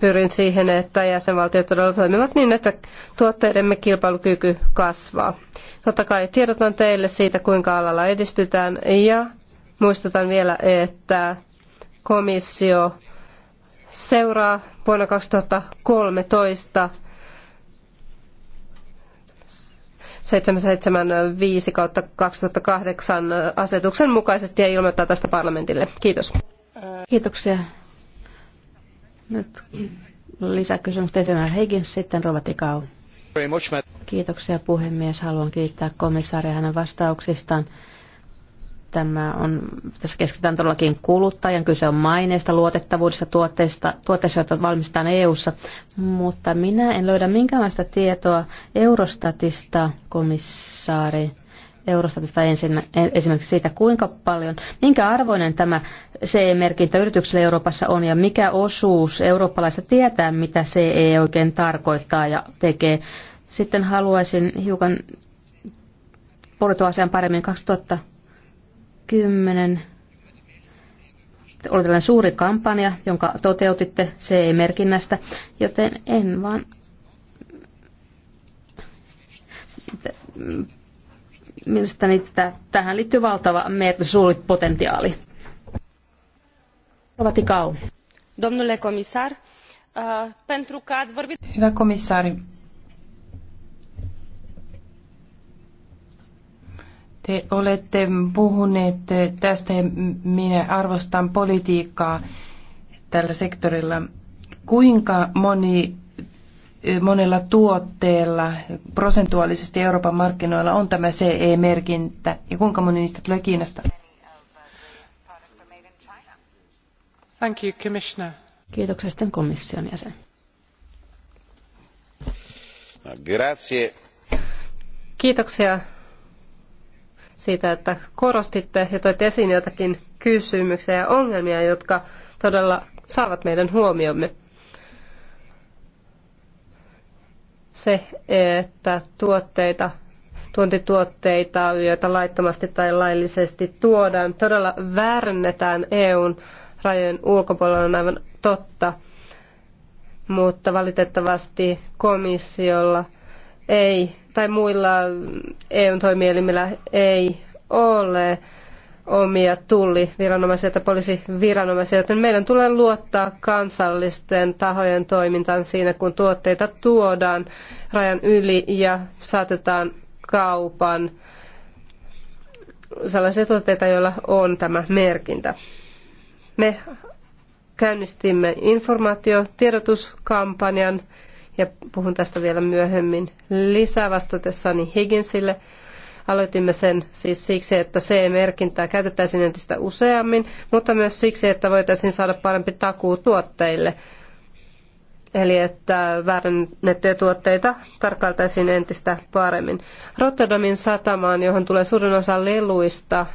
pyrin siihen, että jäsenvaltiot todella toimivat niin, että tuotteidemme kilpailukyky kasvaa. Totta kai tiedotan teille siitä, kuinka alalla edistytään ja muistutan vielä, että komissio seuraa vuonna 2013 775 kautta 2008 asetuksen mukaisesti ja ilmoittaa tästä parlamentille. Kiitos. Kiitoksia. Nyt lisäkysymys esimerkiksi Heikin, sitten Rova Tikau. Kiitoksia puhemies. Haluan kiittää komissaaria hänen vastauksistaan. Tämä on, tässä keskitytään todellakin kuluttajan, kyse on maineesta, luotettavuudesta, tuotteista, tuotteista, joita valmistetaan EU-ssa. Mutta minä en löydä minkäänlaista tietoa Eurostatista, komissaari Eurostatista ensin, esimerkiksi siitä, kuinka paljon, minkä arvoinen tämä CE-merkintä yritykselle Euroopassa on ja mikä osuus eurooppalaista tietää, mitä CE oikein tarkoittaa ja tekee. Sitten haluaisin hiukan puolittua asian paremmin 2010 oli tällainen suuri kampanja, jonka toteutitte CE-merkinnästä, joten en vaan Mielestäni tähän liittyy valtava suuri potentiaali. Vatikau. Domnule komissar, uh, pentru că ați vorbit... Hyvä komissaari, Te olette puhuneet eh, tästä ja minä arvostan politiikkaa tällä sektorilla. Kuinka moni monella tuotteella prosentuaalisesti Euroopan markkinoilla on tämä CE-merkintä ja kuinka moni niistä tulee Kiinasta? Thank you, Commissioner. Kiitoksia sitten komission jäsen. Grazie. Kiitoksia siitä, että korostitte ja toitte esiin jotakin kysymyksiä ja ongelmia, jotka todella saavat meidän huomiomme. se, että tuotteita, tuontituotteita, joita laittomasti tai laillisesti tuodaan, todella väärennetään EUn rajojen ulkopuolella on aivan totta. Mutta valitettavasti komissiolla ei, tai muilla EUn toimielimillä ei ole omia tulliviranomaisia tai poliisiviranomaisia, joten meidän tulee luottaa kansallisten tahojen toimintaan siinä, kun tuotteita tuodaan rajan yli ja saatetaan kaupan sellaisia tuotteita, joilla on tämä merkintä. Me käynnistimme informaatiotiedotuskampanjan ja puhun tästä vielä myöhemmin lisää vastatessani Higginsille – Aloitimme sen siis siksi, että CE-merkintää käytettäisiin entistä useammin, mutta myös siksi, että voitaisiin saada parempi takuu tuotteille. Eli että väärännettyjä tuotteita tarkkailtaisiin entistä paremmin. Rotterdamin satamaan, johon tulee suurin osa leluista,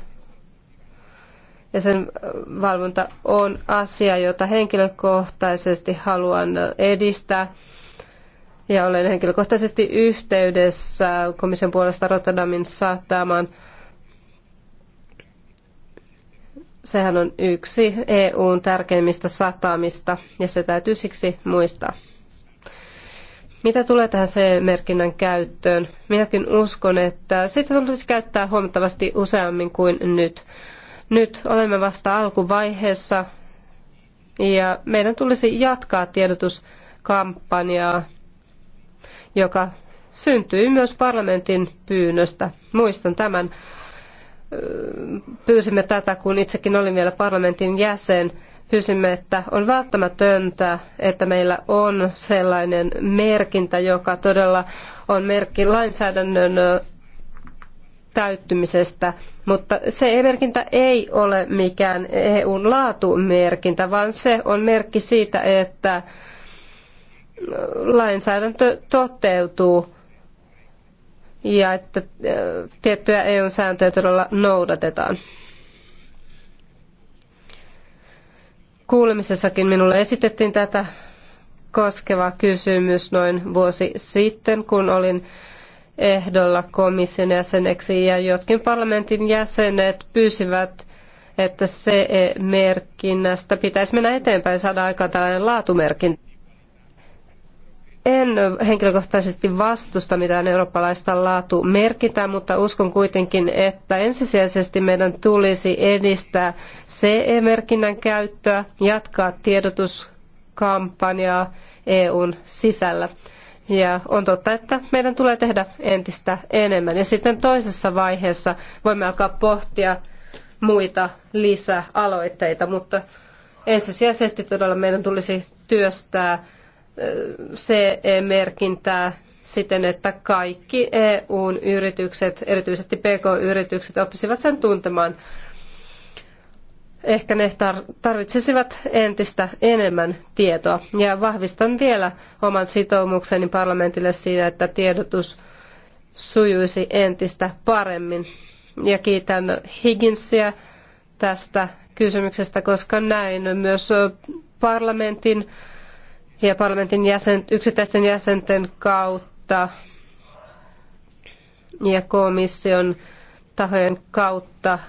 ja sen äh, valvonta on asia, jota henkilökohtaisesti haluan edistää ja olen henkilökohtaisesti yhteydessä komission puolesta Rotterdamin satamaan. Sehän on yksi EUn tärkeimmistä satamista ja se täytyy siksi muistaa. Mitä tulee tähän C-merkinnän käyttöön? Minäkin uskon, että sitä tulisi käyttää huomattavasti useammin kuin nyt. Nyt olemme vasta alkuvaiheessa ja meidän tulisi jatkaa tiedotuskampanjaa joka syntyi myös parlamentin pyynnöstä. Muistan tämän. Pyysimme tätä, kun itsekin olin vielä parlamentin jäsen. Pyysimme, että on välttämätöntä, että meillä on sellainen merkintä, joka todella on merkki lainsäädännön täyttymisestä, mutta se merkintä ei ole mikään EUn laatumerkintä, vaan se on merkki siitä, että lainsäädäntö toteutuu ja että äh, tiettyjä EU-sääntöjä todella noudatetaan. Kuulemisessakin minulle esitettiin tätä koskeva kysymys noin vuosi sitten, kun olin ehdolla komission jäseneksi ja jotkin parlamentin jäsenet pyysivät, että CE-merkinnästä pitäisi mennä eteenpäin saada aikaan tällainen laatumerkintä. En henkilökohtaisesti vastusta mitään eurooppalaista laatu merkitään, mutta uskon kuitenkin, että ensisijaisesti meidän tulisi edistää CE-merkinnän käyttöä, jatkaa tiedotuskampanjaa EUn sisällä. Ja on totta, että meidän tulee tehdä entistä enemmän. Ja sitten toisessa vaiheessa voimme alkaa pohtia muita lisäaloitteita, mutta ensisijaisesti todella meidän tulisi työstää CE-merkintää siten, että kaikki EUn yritykset, erityisesti PK-yritykset, oppisivat sen tuntemaan. Ehkä ne tarvitsisivat entistä enemmän tietoa. Ja vahvistan vielä oman sitoumukseni parlamentille siinä, että tiedotus sujuisi entistä paremmin. Ja kiitän Higginsia tästä kysymyksestä, koska näin myös parlamentin ja parlamentin jäsen, yksittäisten jäsenten kautta ja komission tahojen kautta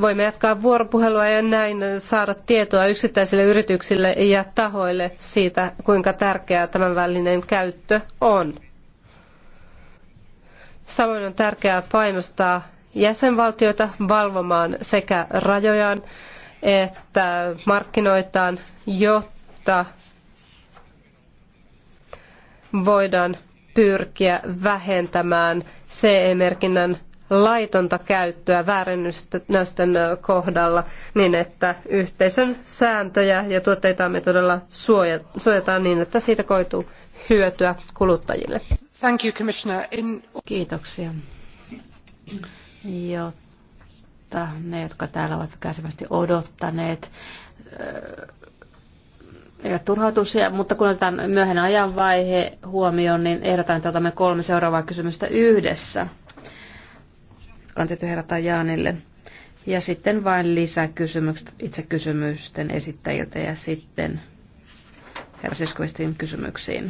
voimme jatkaa vuoropuhelua ja näin saada tietoa yksittäisille yrityksille ja tahoille siitä, kuinka tärkeää tämän välinen käyttö on. Samoin on tärkeää painostaa jäsenvaltioita valvomaan sekä rajojaan että markkinoitaan, jotta voidaan pyrkiä vähentämään CE-merkinnän laitonta käyttöä väärennysten kohdalla niin, että yhteisön sääntöjä ja tuotteitamme todella suojataan niin, että siitä koituu hyötyä kuluttajille. Thank you, Commissioner. In... Kiitoksia. Jotta ne, jotka täällä ovat kärsivästi odottaneet, öö eivät turhautuisia, mutta kun otetaan myöhäinen ajanvaihe huomioon, niin ehdotan, että otamme kolme seuraavaa kysymystä yhdessä. Kantetty herätä Jaanille. Ja sitten vain lisää kysymykset itse kysymysten esittäjiltä ja sitten herra Siskovistin kysymyksiin.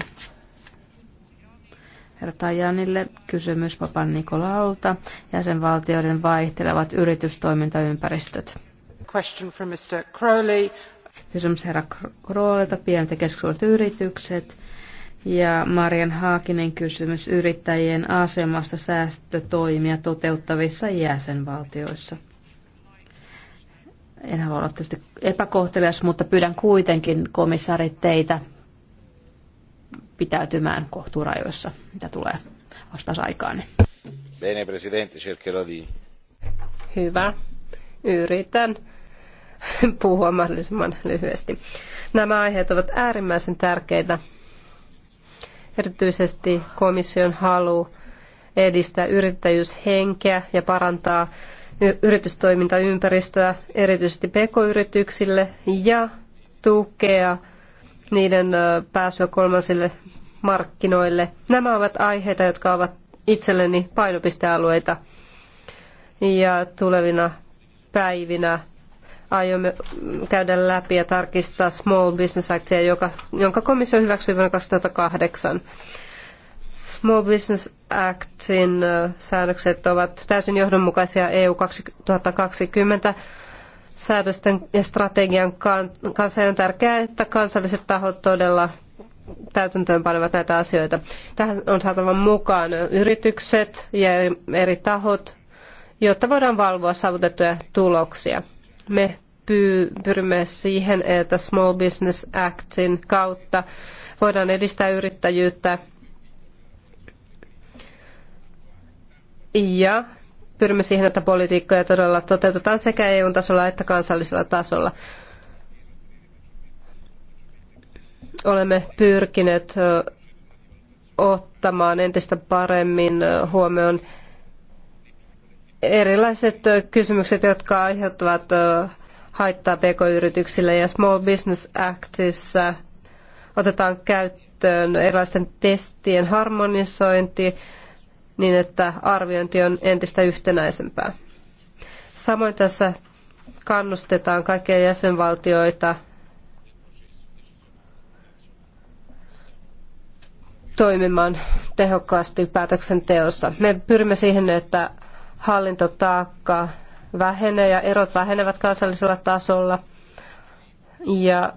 Herra Tajanille kysymys Papan sen jäsenvaltioiden vaihtelevat yritystoimintaympäristöt. Question from Mr. Crowley Kysymys herra Kroolilta, pienet keskustelut yritykset. Ja Marian Haakinen kysymys yrittäjien asemasta säästötoimia toteuttavissa jäsenvaltioissa. En halua olla tietysti epäkohtelias, mutta pyydän kuitenkin komissaarit teitä pitäytymään kohturajoissa, mitä tulee vastausaikaan. Bene, presidente, cercherò di... Hyvä. Yritän puhua mahdollisimman lyhyesti. Nämä aiheet ovat äärimmäisen tärkeitä, erityisesti komission halu edistää yrittäjyyshenkeä ja parantaa yritystoimintaympäristöä erityisesti pk-yrityksille ja tukea niiden pääsyä kolmansille markkinoille. Nämä ovat aiheita, jotka ovat itselleni painopistealueita ja tulevina päivinä aiomme käydä läpi ja tarkistaa Small Business Actia, joka, jonka komissio hyväksyi vuonna 2008. Small Business Actin säännökset ovat täysin johdonmukaisia EU 2020 säädösten ja strategian kanssa. On tärkeää, että kansalliset tahot todella täytäntöön panevat näitä asioita. Tähän on saatava mukaan yritykset ja eri tahot, jotta voidaan valvoa saavutettuja tuloksia. Me pyrimme siihen, että Small Business Actin kautta voidaan edistää yrittäjyyttä ja pyrimme siihen, että politiikkoja todella toteutetaan sekä EU-tasolla että kansallisella tasolla. Olemme pyrkineet ottamaan entistä paremmin huomioon erilaiset kysymykset, jotka aiheuttavat haittaa pk-yrityksille ja Small Business Actissa otetaan käyttöön erilaisten testien harmonisointi niin, että arviointi on entistä yhtenäisempää. Samoin tässä kannustetaan kaikkia jäsenvaltioita toimimaan tehokkaasti päätöksenteossa. Me pyrimme siihen, että hallintotaakka vähenee ja erot vähenevät kansallisella tasolla. Ja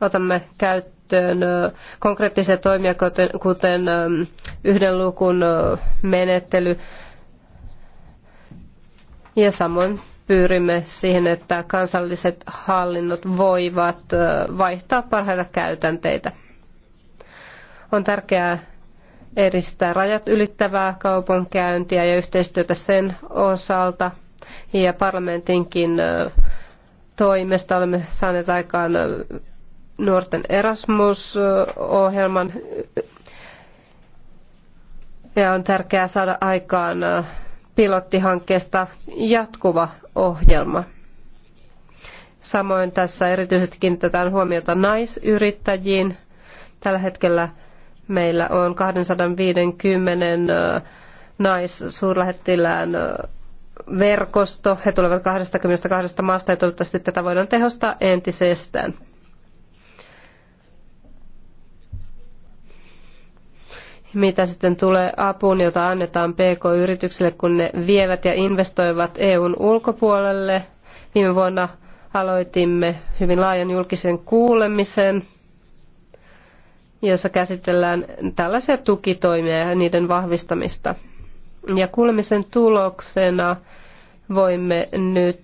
otamme käyttöön konkreettisia toimia, kuten yhden lukun menettely. Ja samoin pyrimme siihen, että kansalliset hallinnot voivat vaihtaa parhaita käytänteitä. On tärkeää edistää rajat ylittävää kaupankäyntiä ja yhteistyötä sen osalta. Ja parlamentinkin toimesta olemme saaneet aikaan nuorten Erasmus-ohjelman. Ja on tärkeää saada aikaan pilottihankkeesta jatkuva ohjelma. Samoin tässä erityisesti kiinnitetään huomiota naisyrittäjiin. Tällä hetkellä Meillä on 250 naissuurlähettilään verkosto. He tulevat 22 maasta ja toivottavasti tätä voidaan tehostaa entisestään. Mitä sitten tulee apuun, jota annetaan PK-yrityksille, kun ne vievät ja investoivat EUn ulkopuolelle? Viime vuonna aloitimme hyvin laajan julkisen kuulemisen – jossa käsitellään tällaisia tukitoimia ja niiden vahvistamista. Ja kuulemisen tuloksena voimme nyt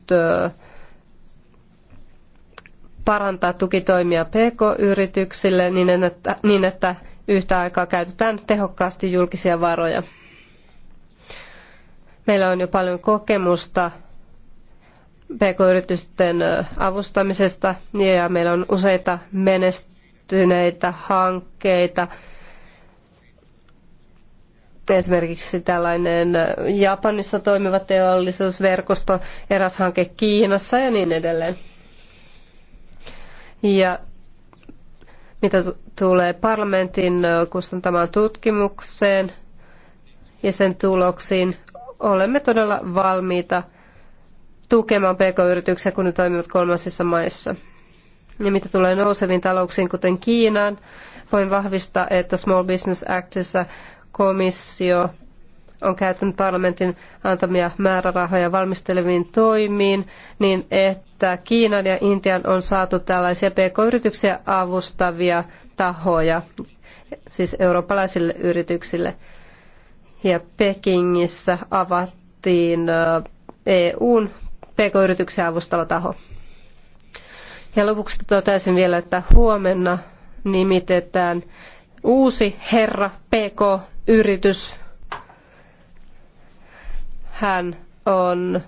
parantaa tukitoimia pk-yrityksille niin että, niin, että yhtä aikaa käytetään tehokkaasti julkisia varoja. Meillä on jo paljon kokemusta pk-yritysten avustamisesta ja meillä on useita menest- menestyneitä hankkeita. Esimerkiksi tällainen Japanissa toimiva teollisuusverkosto, eräs hanke Kiinassa ja niin edelleen. Ja mitä tulee parlamentin kustantamaan tutkimukseen ja sen tuloksiin, olemme todella valmiita tukemaan pk-yrityksiä, kun ne toimivat kolmansissa maissa. Ja mitä tulee nouseviin talouksiin, kuten Kiinaan, voin vahvistaa, että Small Business Actissa komissio on käyttänyt parlamentin antamia määrärahoja valmisteleviin toimiin, niin että Kiinan ja Intian on saatu tällaisia pk-yrityksiä avustavia tahoja, siis eurooppalaisille yrityksille. Ja Pekingissä avattiin EUn pk-yrityksiä avustava taho. Ja lopuksi toteaisin vielä, että huomenna nimitetään uusi herra PK-yritys. Hän on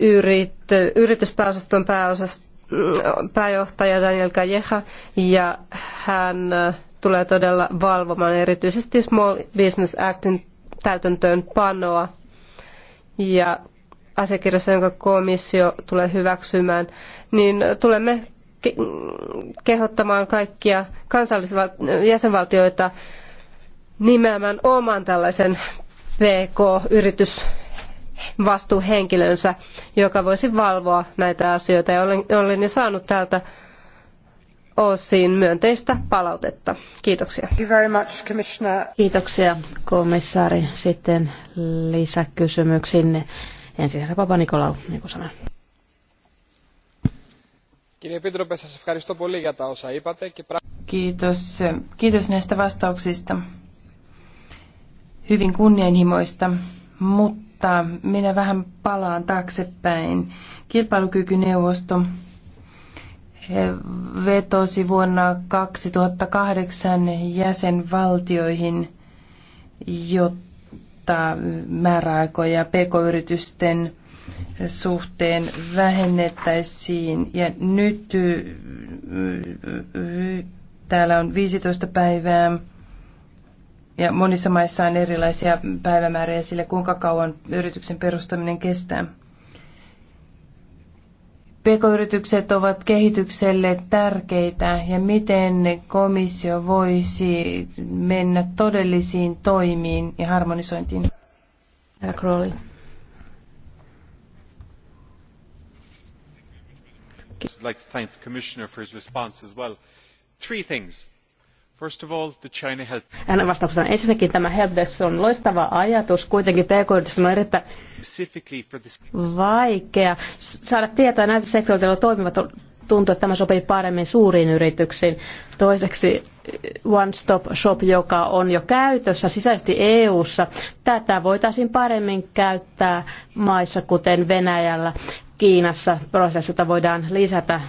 yrit, yrityspääosaston pääosast, pääjohtaja Daniel Kajeha ja hän tulee todella valvomaan erityisesti Small Business Actin täytäntöönpanoa ja asiakirjassa, jonka komissio tulee hyväksymään, niin tulemme kehottamaan kaikkia kansallisia jäsenvaltioita nimeämään oman tällaisen PK-yritys vastuuhenkilönsä, joka voisi valvoa näitä asioita. Ja olen, olen jo saanut täältä osin myönteistä palautetta. Kiitoksia. Much, Kiitoksia komissaari. Sitten lisäkysymyksinne. Ensin Papa niin kuin sanoin. Kiitos. Kiitos näistä vastauksista. Hyvin kunnianhimoista, mutta minä vähän palaan taaksepäin. Kilpailukykyneuvosto vetosi vuonna 2008 jäsenvaltioihin, jotta muuttaa määräaikoja pk-yritysten suhteen vähennettäisiin. Ja nyt täällä on 15 päivää ja monissa maissa on erilaisia päivämääriä sille, kuinka kauan yrityksen perustaminen kestää. PK-yritykset ovat kehitykselle tärkeitä ja miten komissio voisi mennä todellisiin toimiin ja harmonisointiin? Herra Crowley. I'd like to thank the Commissioner for his response as well. Three things First of all, the China help. Hänen ensinnäkin tämä helpdesk on loistava ajatus, kuitenkin pk on erittäin vaikea saada tietää näitä sektoreita, joilla toimivat tuntuu, että tämä sopii paremmin suuriin yrityksiin. Toiseksi eh, One Stop Shop, joka on jo käytössä sisäisesti EU-ssa, tätä voitaisiin paremmin käyttää maissa, kuten Venäjällä, Kiinassa, prosessissa voidaan lisätä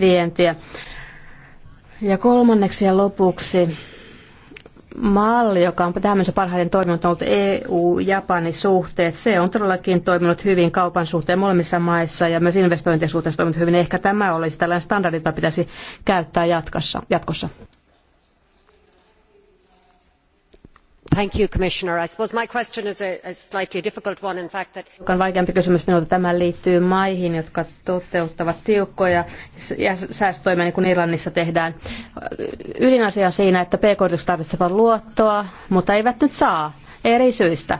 vientiä. Ja kolmanneksi ja lopuksi malli, joka on tämmöisen parhaiten toiminut, on ollut EU-Japanin suhteet. Se on todellakin toiminut hyvin kaupan suhteen molemmissa maissa ja myös investointien suhteessa toiminut hyvin. Ehkä tämä olisi tällainen standardi, jota pitäisi käyttää jatkossa. Thank you, Commissioner. I suppose my question is a, a slightly difficult one in fact that... on vaikeampi kysymys minulta. Tämä liittyy maihin, jotka toteuttavat tiukkoja ja säästötoimia, niin kuin Irlannissa tehdään. Ydinasia on siinä, että pk tarvitsevat luottoa, mutta eivät nyt saa eri syistä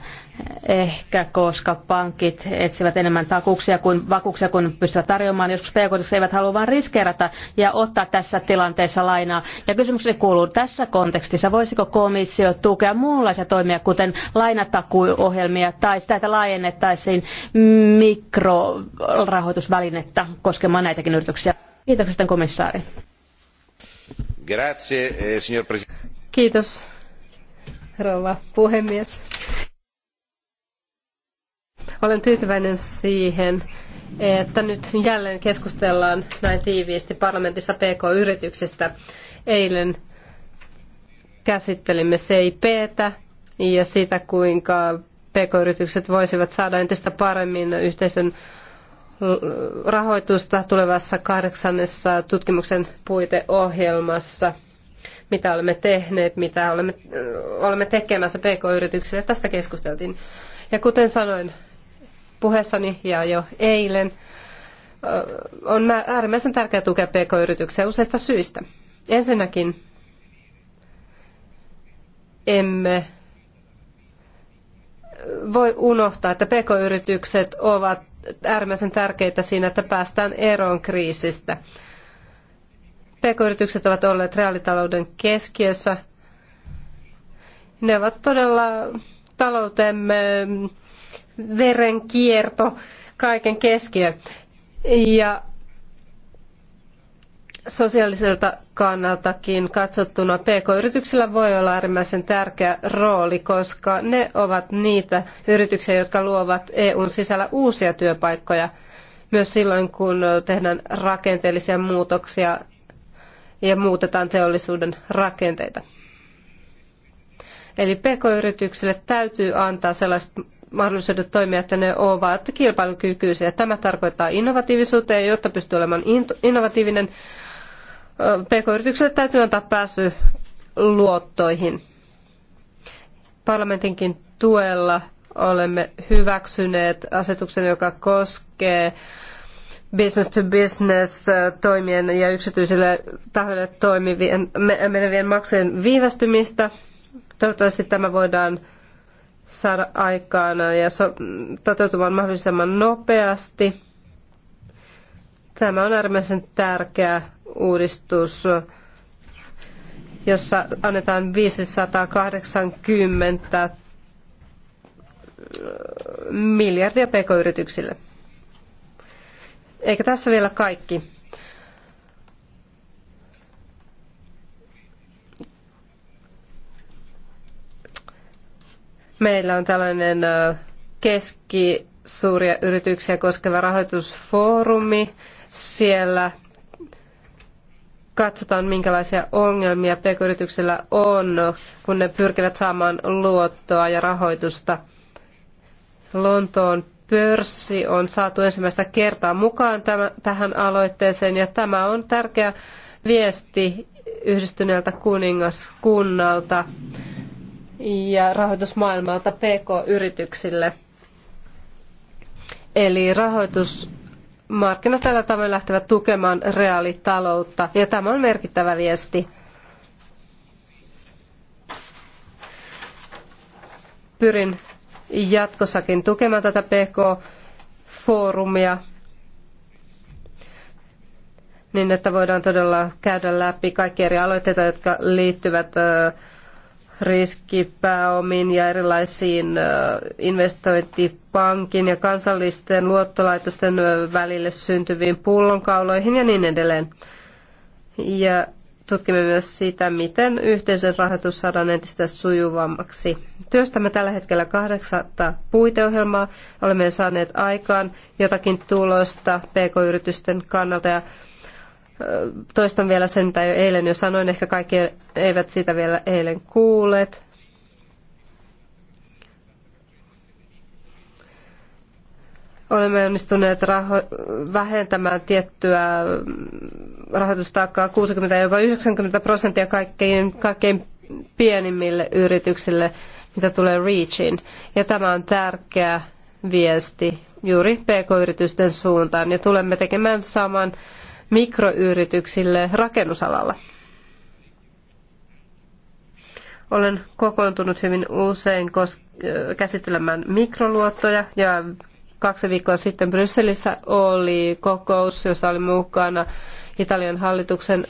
ehkä koska pankit etsivät enemmän takuuksia kuin vakuuksia kuin pystyvät tarjoamaan. Joskus pk eivät halua vain riskeerata ja ottaa tässä tilanteessa lainaa. Ja kysymykseni kuuluu tässä kontekstissa, voisiko komissio tukea muunlaisia toimia, kuten lainatakuohjelmia tai sitä, että laajennettaisiin mikrorahoitusvälinettä koskemaan näitäkin yrityksiä. Kiitoksia komissaari. Grazie, eh, signor Kiitos, rouva puhemies. Olen tyytyväinen siihen, että nyt jälleen keskustellaan näin tiiviisti parlamentissa PK-yrityksistä. Eilen käsittelimme CIPtä ja sitä, kuinka PK-yritykset voisivat saada entistä paremmin yhteisön rahoitusta tulevassa kahdeksannessa tutkimuksen puiteohjelmassa. Mitä olemme tehneet, mitä olemme, olemme tekemässä PK-yrityksille, tästä keskusteltiin. Ja kuten sanoin, puheessani ja jo eilen, on äärimmäisen tärkeää tukea pk-yrityksiä useista syistä. Ensinnäkin emme voi unohtaa, että pk-yritykset ovat äärimmäisen tärkeitä siinä, että päästään eroon kriisistä. PK-yritykset ovat olleet reaalitalouden keskiössä. Ne ovat todella taloutemme verenkierto kaiken keskiö. Ja sosiaaliselta kannaltakin katsottuna PK-yrityksillä voi olla äärimmäisen tärkeä rooli, koska ne ovat niitä yrityksiä, jotka luovat EUn sisällä uusia työpaikkoja myös silloin, kun tehdään rakenteellisia muutoksia ja muutetaan teollisuuden rakenteita. Eli PK-yrityksille täytyy antaa sellaiset mahdollisuudet toimia, että ne ovat kilpailukykyisiä. Tämä tarkoittaa innovatiivisuutta ja jotta pystyy olemaan innovatiivinen, pk-yritykselle täytyy antaa pääsy luottoihin. Parlamentinkin tuella olemme hyväksyneet asetuksen, joka koskee business to business toimien ja yksityisille tahoille toimivien, menevien maksujen viivästymistä. Toivottavasti tämä voidaan saada aikaan ja so- toteutumaan mahdollisimman nopeasti. Tämä on äärimmäisen tärkeä uudistus, jossa annetaan 580 miljardia pk-yrityksille. Eikä tässä vielä kaikki. Meillä on tällainen keskisuuria yrityksiä koskeva rahoitusfoorumi. Siellä katsotaan, minkälaisia ongelmia pk-yrityksillä on, kun ne pyrkivät saamaan luottoa ja rahoitusta. Lontoon pörssi on saatu ensimmäistä kertaa mukaan tähän aloitteeseen ja tämä on tärkeä viesti yhdistyneeltä kuningaskunnalta ja rahoitusmaailmalta PK-yrityksille. Eli rahoitusmarkkinat tällä tavoin lähtevät tukemaan reaalitaloutta ja tämä on merkittävä viesti. Pyrin jatkossakin tukemaan tätä PK-foorumia niin, että voidaan todella käydä läpi kaikki eri aloitteita, jotka liittyvät riskipääomiin ja erilaisiin investointipankin ja kansallisten luottolaitosten välille syntyviin pullonkauloihin ja niin edelleen. Ja tutkimme myös sitä, miten yhteisön rahoitus saadaan entistä sujuvammaksi. Työstämme tällä hetkellä kahdeksatta puiteohjelmaa. Olemme saaneet aikaan jotakin tulosta pk-yritysten kannalta ja toistan vielä sen, mitä jo eilen jo sanoin. Ehkä kaikki eivät sitä vielä eilen kuulleet. Olemme onnistuneet vähentämään tiettyä rahoitustaakkaa 60 jopa 90 prosenttia kaikkein, kaikkein pienimmille yrityksille, mitä tulee REACHin. Ja tämä on tärkeä viesti juuri pk-yritysten suuntaan. Ja tulemme tekemään saman mikroyrityksille rakennusalalla. Olen kokoontunut hyvin usein käsittelemään mikroluottoja ja kaksi viikkoa sitten Brysselissä oli kokous, jossa oli mukana Italian hallituksen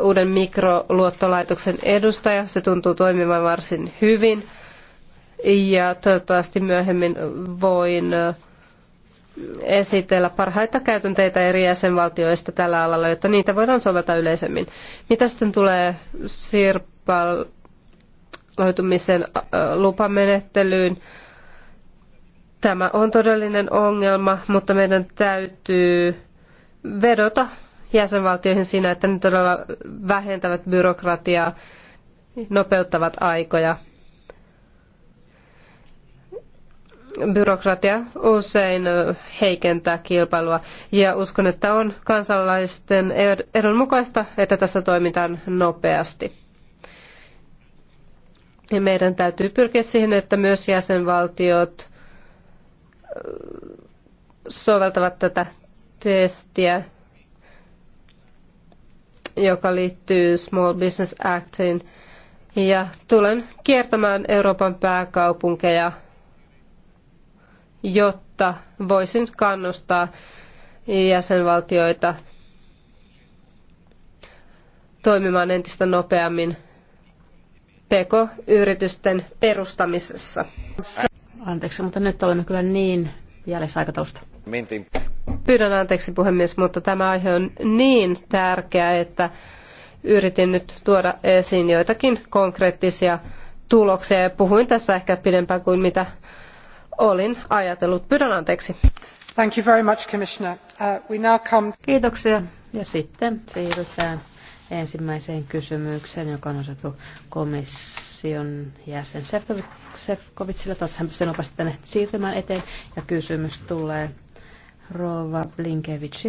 uuden mikroluottolaitoksen edustaja. Se tuntuu toimivan varsin hyvin. Ja toivottavasti myöhemmin voin esitellä parhaita käytänteitä eri jäsenvaltioista tällä alalla, jotta niitä voidaan soveltaa yleisemmin. Mitä sitten tulee sirpaloitumisen lupamenettelyyn? Tämä on todellinen ongelma, mutta meidän täytyy vedota jäsenvaltioihin siinä, että ne todella vähentävät byrokratiaa, nopeuttavat aikoja byrokratia usein heikentää kilpailua ja uskon, että on kansalaisten edun mukaista, että tässä toimitaan nopeasti. Ja meidän täytyy pyrkiä siihen, että myös jäsenvaltiot soveltavat tätä testiä, joka liittyy Small Business Actiin. Ja tulen kiertämään Euroopan pääkaupunkeja – jotta voisin kannustaa jäsenvaltioita toimimaan entistä nopeammin PK-yritysten perustamisessa. Anteeksi, mutta nyt olemme kyllä niin jäljessä aikataulusta. Pyydän anteeksi puhemies, mutta tämä aihe on niin tärkeä, että yritin nyt tuoda esiin joitakin konkreettisia tuloksia. Ja puhuin tässä ehkä pidempään kuin mitä olin ajatellut. Pyydän anteeksi. Thank you very much, Commissioner. Uh, we now come... Kiitoksia. Ja sitten siirrytään ensimmäiseen kysymykseen, joka on osattu komission jäsen Sefkovitsille. Toivottavasti hän pystyy nopeasti tänne siirtymään eteen. Ja kysymys tulee Rova blinkevich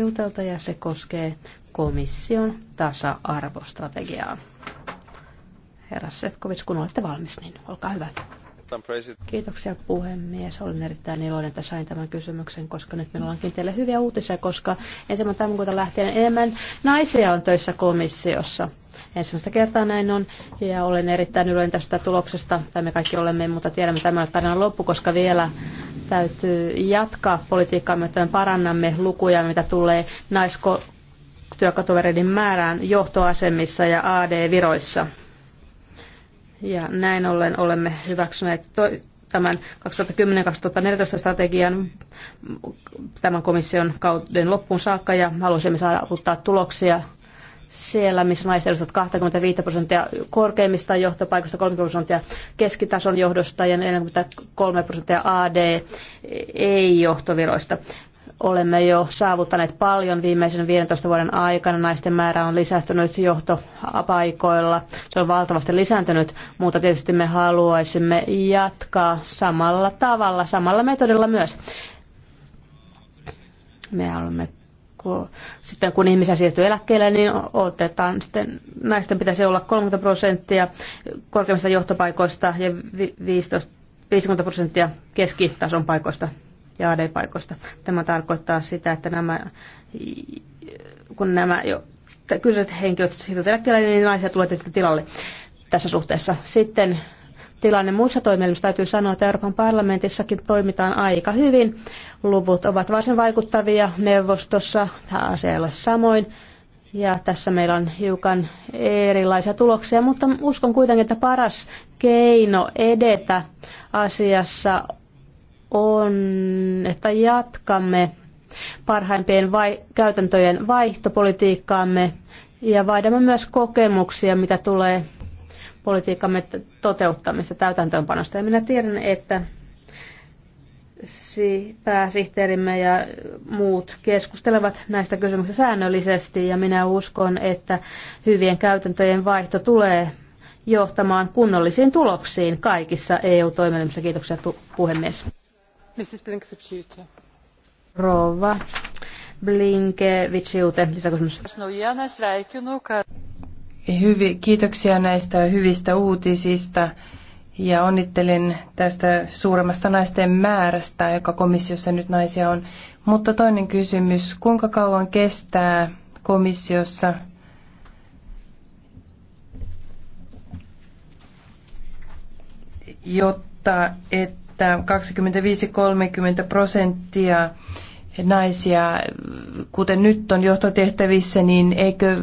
ja se koskee komission tasa-arvostrategiaa. Herra Sefkovic, kun olette valmis, niin olkaa hyvä. Kiitoksia puhemies. Olen erittäin iloinen, että sain tämän kysymyksen, koska nyt minulla onkin teille hyviä uutisia, koska ensimmäinen tammikuuta lähtien enemmän naisia on töissä komissiossa. Ensimmäistä kertaa näin on ja olen erittäin iloinen tästä tuloksesta, tai me kaikki olemme, mutta tiedämme tämän tarinan loppu, koska vielä täytyy jatkaa politiikkaa, että parannamme lukuja, mitä tulee naisko määrään johtoasemissa ja AD-viroissa. Ja näin ollen olemme hyväksyneet tämän 2010-2014 strategian tämän komission kauden loppuun saakka ja saada saavuttaa tuloksia siellä, missä naiset edustavat 25 prosenttia korkeimmista johtopaikoista, 30 prosenttia keskitason johdosta ja 43 prosenttia AD ei-johtoviroista. Olemme jo saavuttaneet paljon viimeisen 15 vuoden aikana. Naisten määrä on lisääntynyt johtopaikoilla. Se on valtavasti lisääntynyt, mutta tietysti me haluaisimme jatkaa samalla tavalla, samalla metodilla myös. Me haluamme kun, sitten kun ihmisiä siirtyy eläkkeelle, niin otetaan sitten, naisten pitäisi olla 30 prosenttia korkeimmista johtopaikoista ja 15, 50 prosenttia keskitason paikoista ja AD-paikoista. Tämä tarkoittaa sitä, että nämä, kun nämä jo, kyseiset henkilöt siirtyvät eläkkeelle, niin naisia tulee tilalle tässä suhteessa. Sitten tilanne muissa toimielimissä täytyy sanoa, että Euroopan parlamentissakin toimitaan aika hyvin. Luvut ovat varsin vaikuttavia neuvostossa, tämä asia ei ole samoin. Ja tässä meillä on hiukan erilaisia tuloksia, mutta uskon kuitenkin, että paras keino edetä asiassa on, että jatkamme parhaimpien vai- käytäntöjen vaihtopolitiikkaamme ja vaihdamme myös kokemuksia, mitä tulee politiikkamme toteuttamista täytäntöönpanosta. Ja minä tiedän, että pääsihteerimme ja muut keskustelevat näistä kysymyksistä säännöllisesti ja minä uskon, että hyvien käytäntöjen vaihto tulee johtamaan kunnollisiin tuloksiin kaikissa EU-toimielimissä. Kiitoksia puhemies. Rouva Blinkevichiute, lisäkysymys. kiitoksia näistä hyvistä uutisista ja onnittelen tästä suuremmasta naisten määrästä, joka komissiossa nyt naisia on. Mutta toinen kysymys, kuinka kauan kestää komissiossa jotta, että että 25-30 prosenttia naisia, kuten nyt on johtotehtävissä, niin eikö,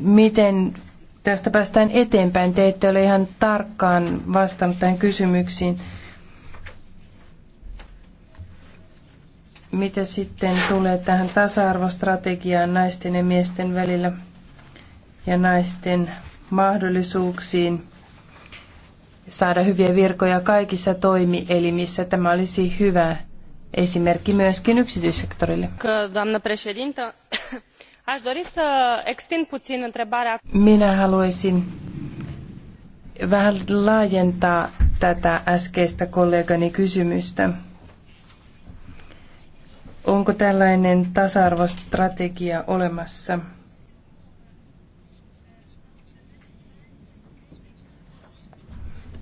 miten tästä päästään eteenpäin? Te ette ole ihan tarkkaan vastannut tähän kysymyksiin. Mitä sitten tulee tähän tasa-arvostrategiaan naisten ja miesten välillä ja naisten mahdollisuuksiin saada hyviä virkoja kaikissa toimielimissä. Tämä olisi hyvä esimerkki myöskin yksityissektorille. Minä haluaisin vähän laajentaa tätä äskeistä kollegani kysymystä. Onko tällainen tasa-arvostrategia olemassa?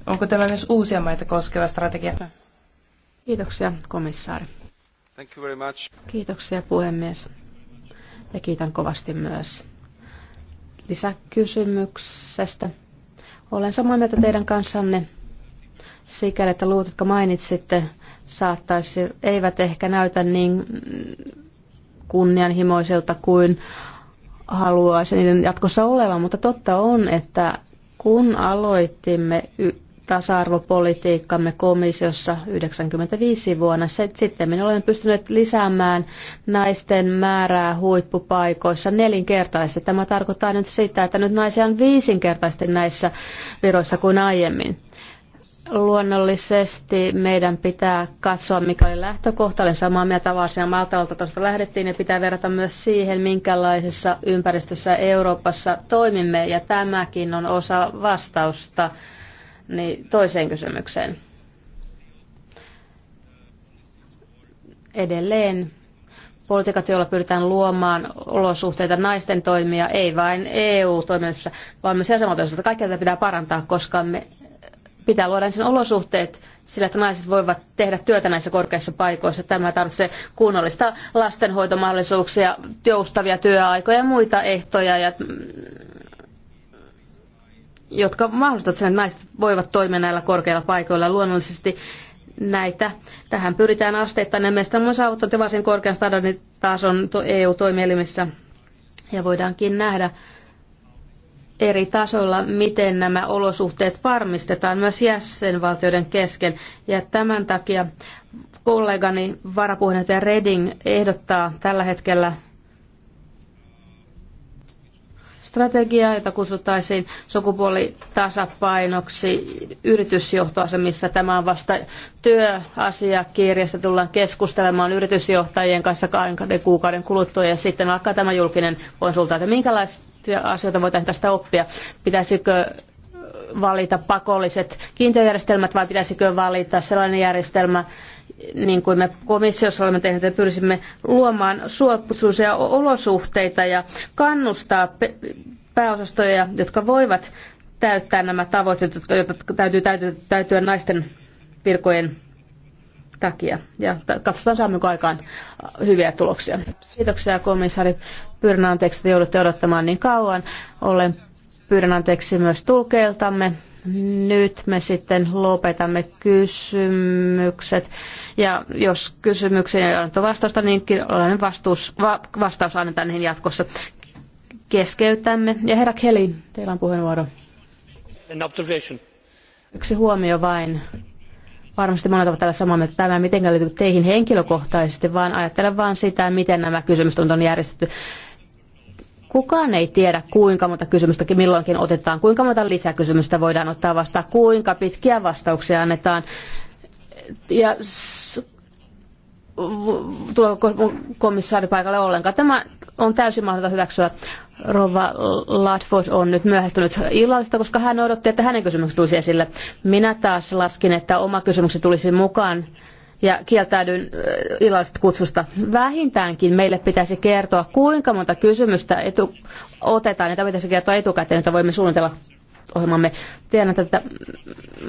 Onko tämä myös uusia maita koskeva strategia? Kiitoksia, komissaari. Thank you very much. Kiitoksia, puhemies. Ja kiitän kovasti myös lisäkysymyksestä. Olen samaa mieltä teidän kanssanne sikäli, että luut, jotka mainitsitte, saattaisi, eivät ehkä näytä niin kunnianhimoisilta kuin haluaisin niiden jatkossa olevan, mutta totta on, että kun aloitimme tasa-arvopolitiikkamme komissiossa 95 vuonna. Sitten me olemme pystyneet lisäämään naisten määrää huippupaikoissa nelinkertaisesti. Tämä tarkoittaa nyt sitä, että nyt naisia on viisinkertaisesti näissä viroissa kuin aiemmin. Luonnollisesti meidän pitää katsoa, mikä oli lähtökohta. Olen samaa mieltä varsin maltalta tuosta lähdettiin ja pitää verrata myös siihen, minkälaisessa ympäristössä Euroopassa toimimme. Ja tämäkin on osa vastausta niin toiseen kysymykseen. Edelleen politiikat, joilla pyritään luomaan olosuhteita naisten toimia, ei vain EU-toiminnassa, vaan myös jäsenvaltioissa. Kaikkea tätä pitää parantaa, koska me pitää luoda sen olosuhteet sillä, että naiset voivat tehdä työtä näissä korkeissa paikoissa. Tämä tarvitsee kunnollista lastenhoitomahdollisuuksia, joustavia työaikoja ja muita ehtoja ja jotka mahdollistavat sen, että naiset voivat toimia näillä korkeilla paikoilla. Luonnollisesti näitä. Tähän pyritään asteittain ja meistä on saavuttanut varsin korkean standardin tason EU-toimielimissä. Ja voidaankin nähdä eri tasolla, miten nämä olosuhteet varmistetaan myös jäsenvaltioiden kesken. Ja tämän takia kollegani varapuheenjohtaja Reding ehdottaa tällä hetkellä strategia, jota kutsuttaisiin sukupuolitasapainoksi yritysjohtoasemissa. Tämä on vasta työasiakirjassa. Tullaan keskustelemaan yritysjohtajien kanssa kahden kuukauden kuluttua ja sitten alkaa tämä julkinen konsultaatio. Minkälaisia asioita voitaisiin tästä oppia? Pitäisikö valita pakolliset kiintiöjärjestelmät vai pitäisikö valita sellainen järjestelmä, niin kuin me komissiossa olemme tehneet, että pyrsimme luomaan suotuisia olosuhteita ja kannustaa pääosastoja, jotka voivat täyttää nämä tavoitteet, jotka, täytyy täytyä, täytyä naisten virkojen takia. Ja katsotaan saammeko aikaan hyviä tuloksia. Kiitoksia komissaari. Pyydän anteeksi, että joudutte odottamaan niin kauan. Olen pyydän anteeksi myös tulkeiltamme nyt me sitten lopetamme kysymykset. Ja jos kysymyksiin ei annettu vastausta, niin olemme vastuus, va, vastaus annetaan niihin jatkossa. Keskeytämme. Ja herra Kelly, teillä on puheenvuoro. An observation. Yksi huomio vain. Varmasti monet ovat täällä samaa mieltä. Tämä ei mitenkään liittyy teihin henkilökohtaisesti, vaan ajattelen vain sitä, miten nämä kysymykset on järjestetty. Kukaan ei tiedä, kuinka monta kysymystä milloinkin otetaan, kuinka monta lisäkysymystä voidaan ottaa vastaan, kuinka pitkiä vastauksia annetaan. Ja tuleeko komissaari paikalle ollenkaan. Tämä on täysin mahdotonta hyväksyä. Rova Latfos on nyt myöhästynyt illallista, koska hän odotti, että hänen kysymyksensä tulisi esille. Minä taas laskin, että oma kysymykseni tulisi mukaan ja kieltäydyn illallisesta kutsusta. Vähintäänkin meille pitäisi kertoa, kuinka monta kysymystä etu- otetaan, ja tämä pitäisi kertoa etukäteen, että voimme suunnitella ohjelmamme. Tiedän tätä,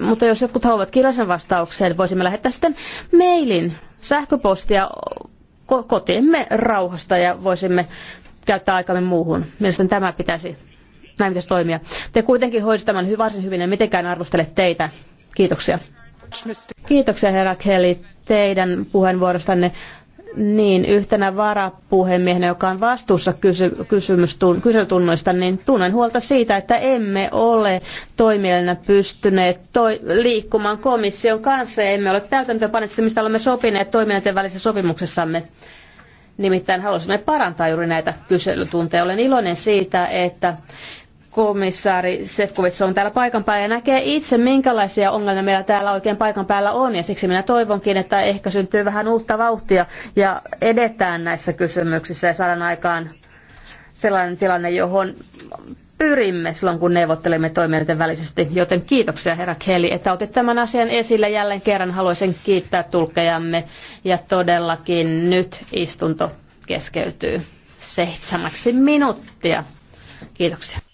mutta jos jotkut haluavat kirjallisen vastaukseen, voisimme lähettää sitten mailin, sähköpostia kotiimme rauhasta ja voisimme käyttää aikamme muuhun. Mielestäni tämä pitäisi, näin pitäisi toimia. Te kuitenkin hoiditte tämän varsin hyvin, ja mitenkään arvostele teitä. Kiitoksia. Kiitoksia herra Kelly teidän puheenvuorostanne. Niin, yhtenä varapuhemiehenä, joka on vastuussa kysy- kyselytunnoista, niin tunnen huolta siitä, että emme ole toimielinä pystyneet toi- liikkumaan komission kanssa ja emme ole täytäntöönpaneet mistä olemme sopineet toimielinten välisessä sopimuksessamme. Nimittäin haluaisimme parantaa juuri näitä kyselytunteja. Olen iloinen siitä, että komissaari Sefkovic on täällä paikan päällä ja näkee itse, minkälaisia ongelmia meillä täällä oikein paikan päällä on. Ja siksi minä toivonkin, että ehkä syntyy vähän uutta vauhtia ja edetään näissä kysymyksissä ja saadaan aikaan sellainen tilanne, johon pyrimme silloin, kun neuvottelemme toimijoiden välisesti. Joten kiitoksia herra Kelly, että otit tämän asian esille. Jälleen kerran haluaisin kiittää tulkkejamme ja todellakin nyt istunto keskeytyy seitsemäksi minuuttia. Kiitoksia.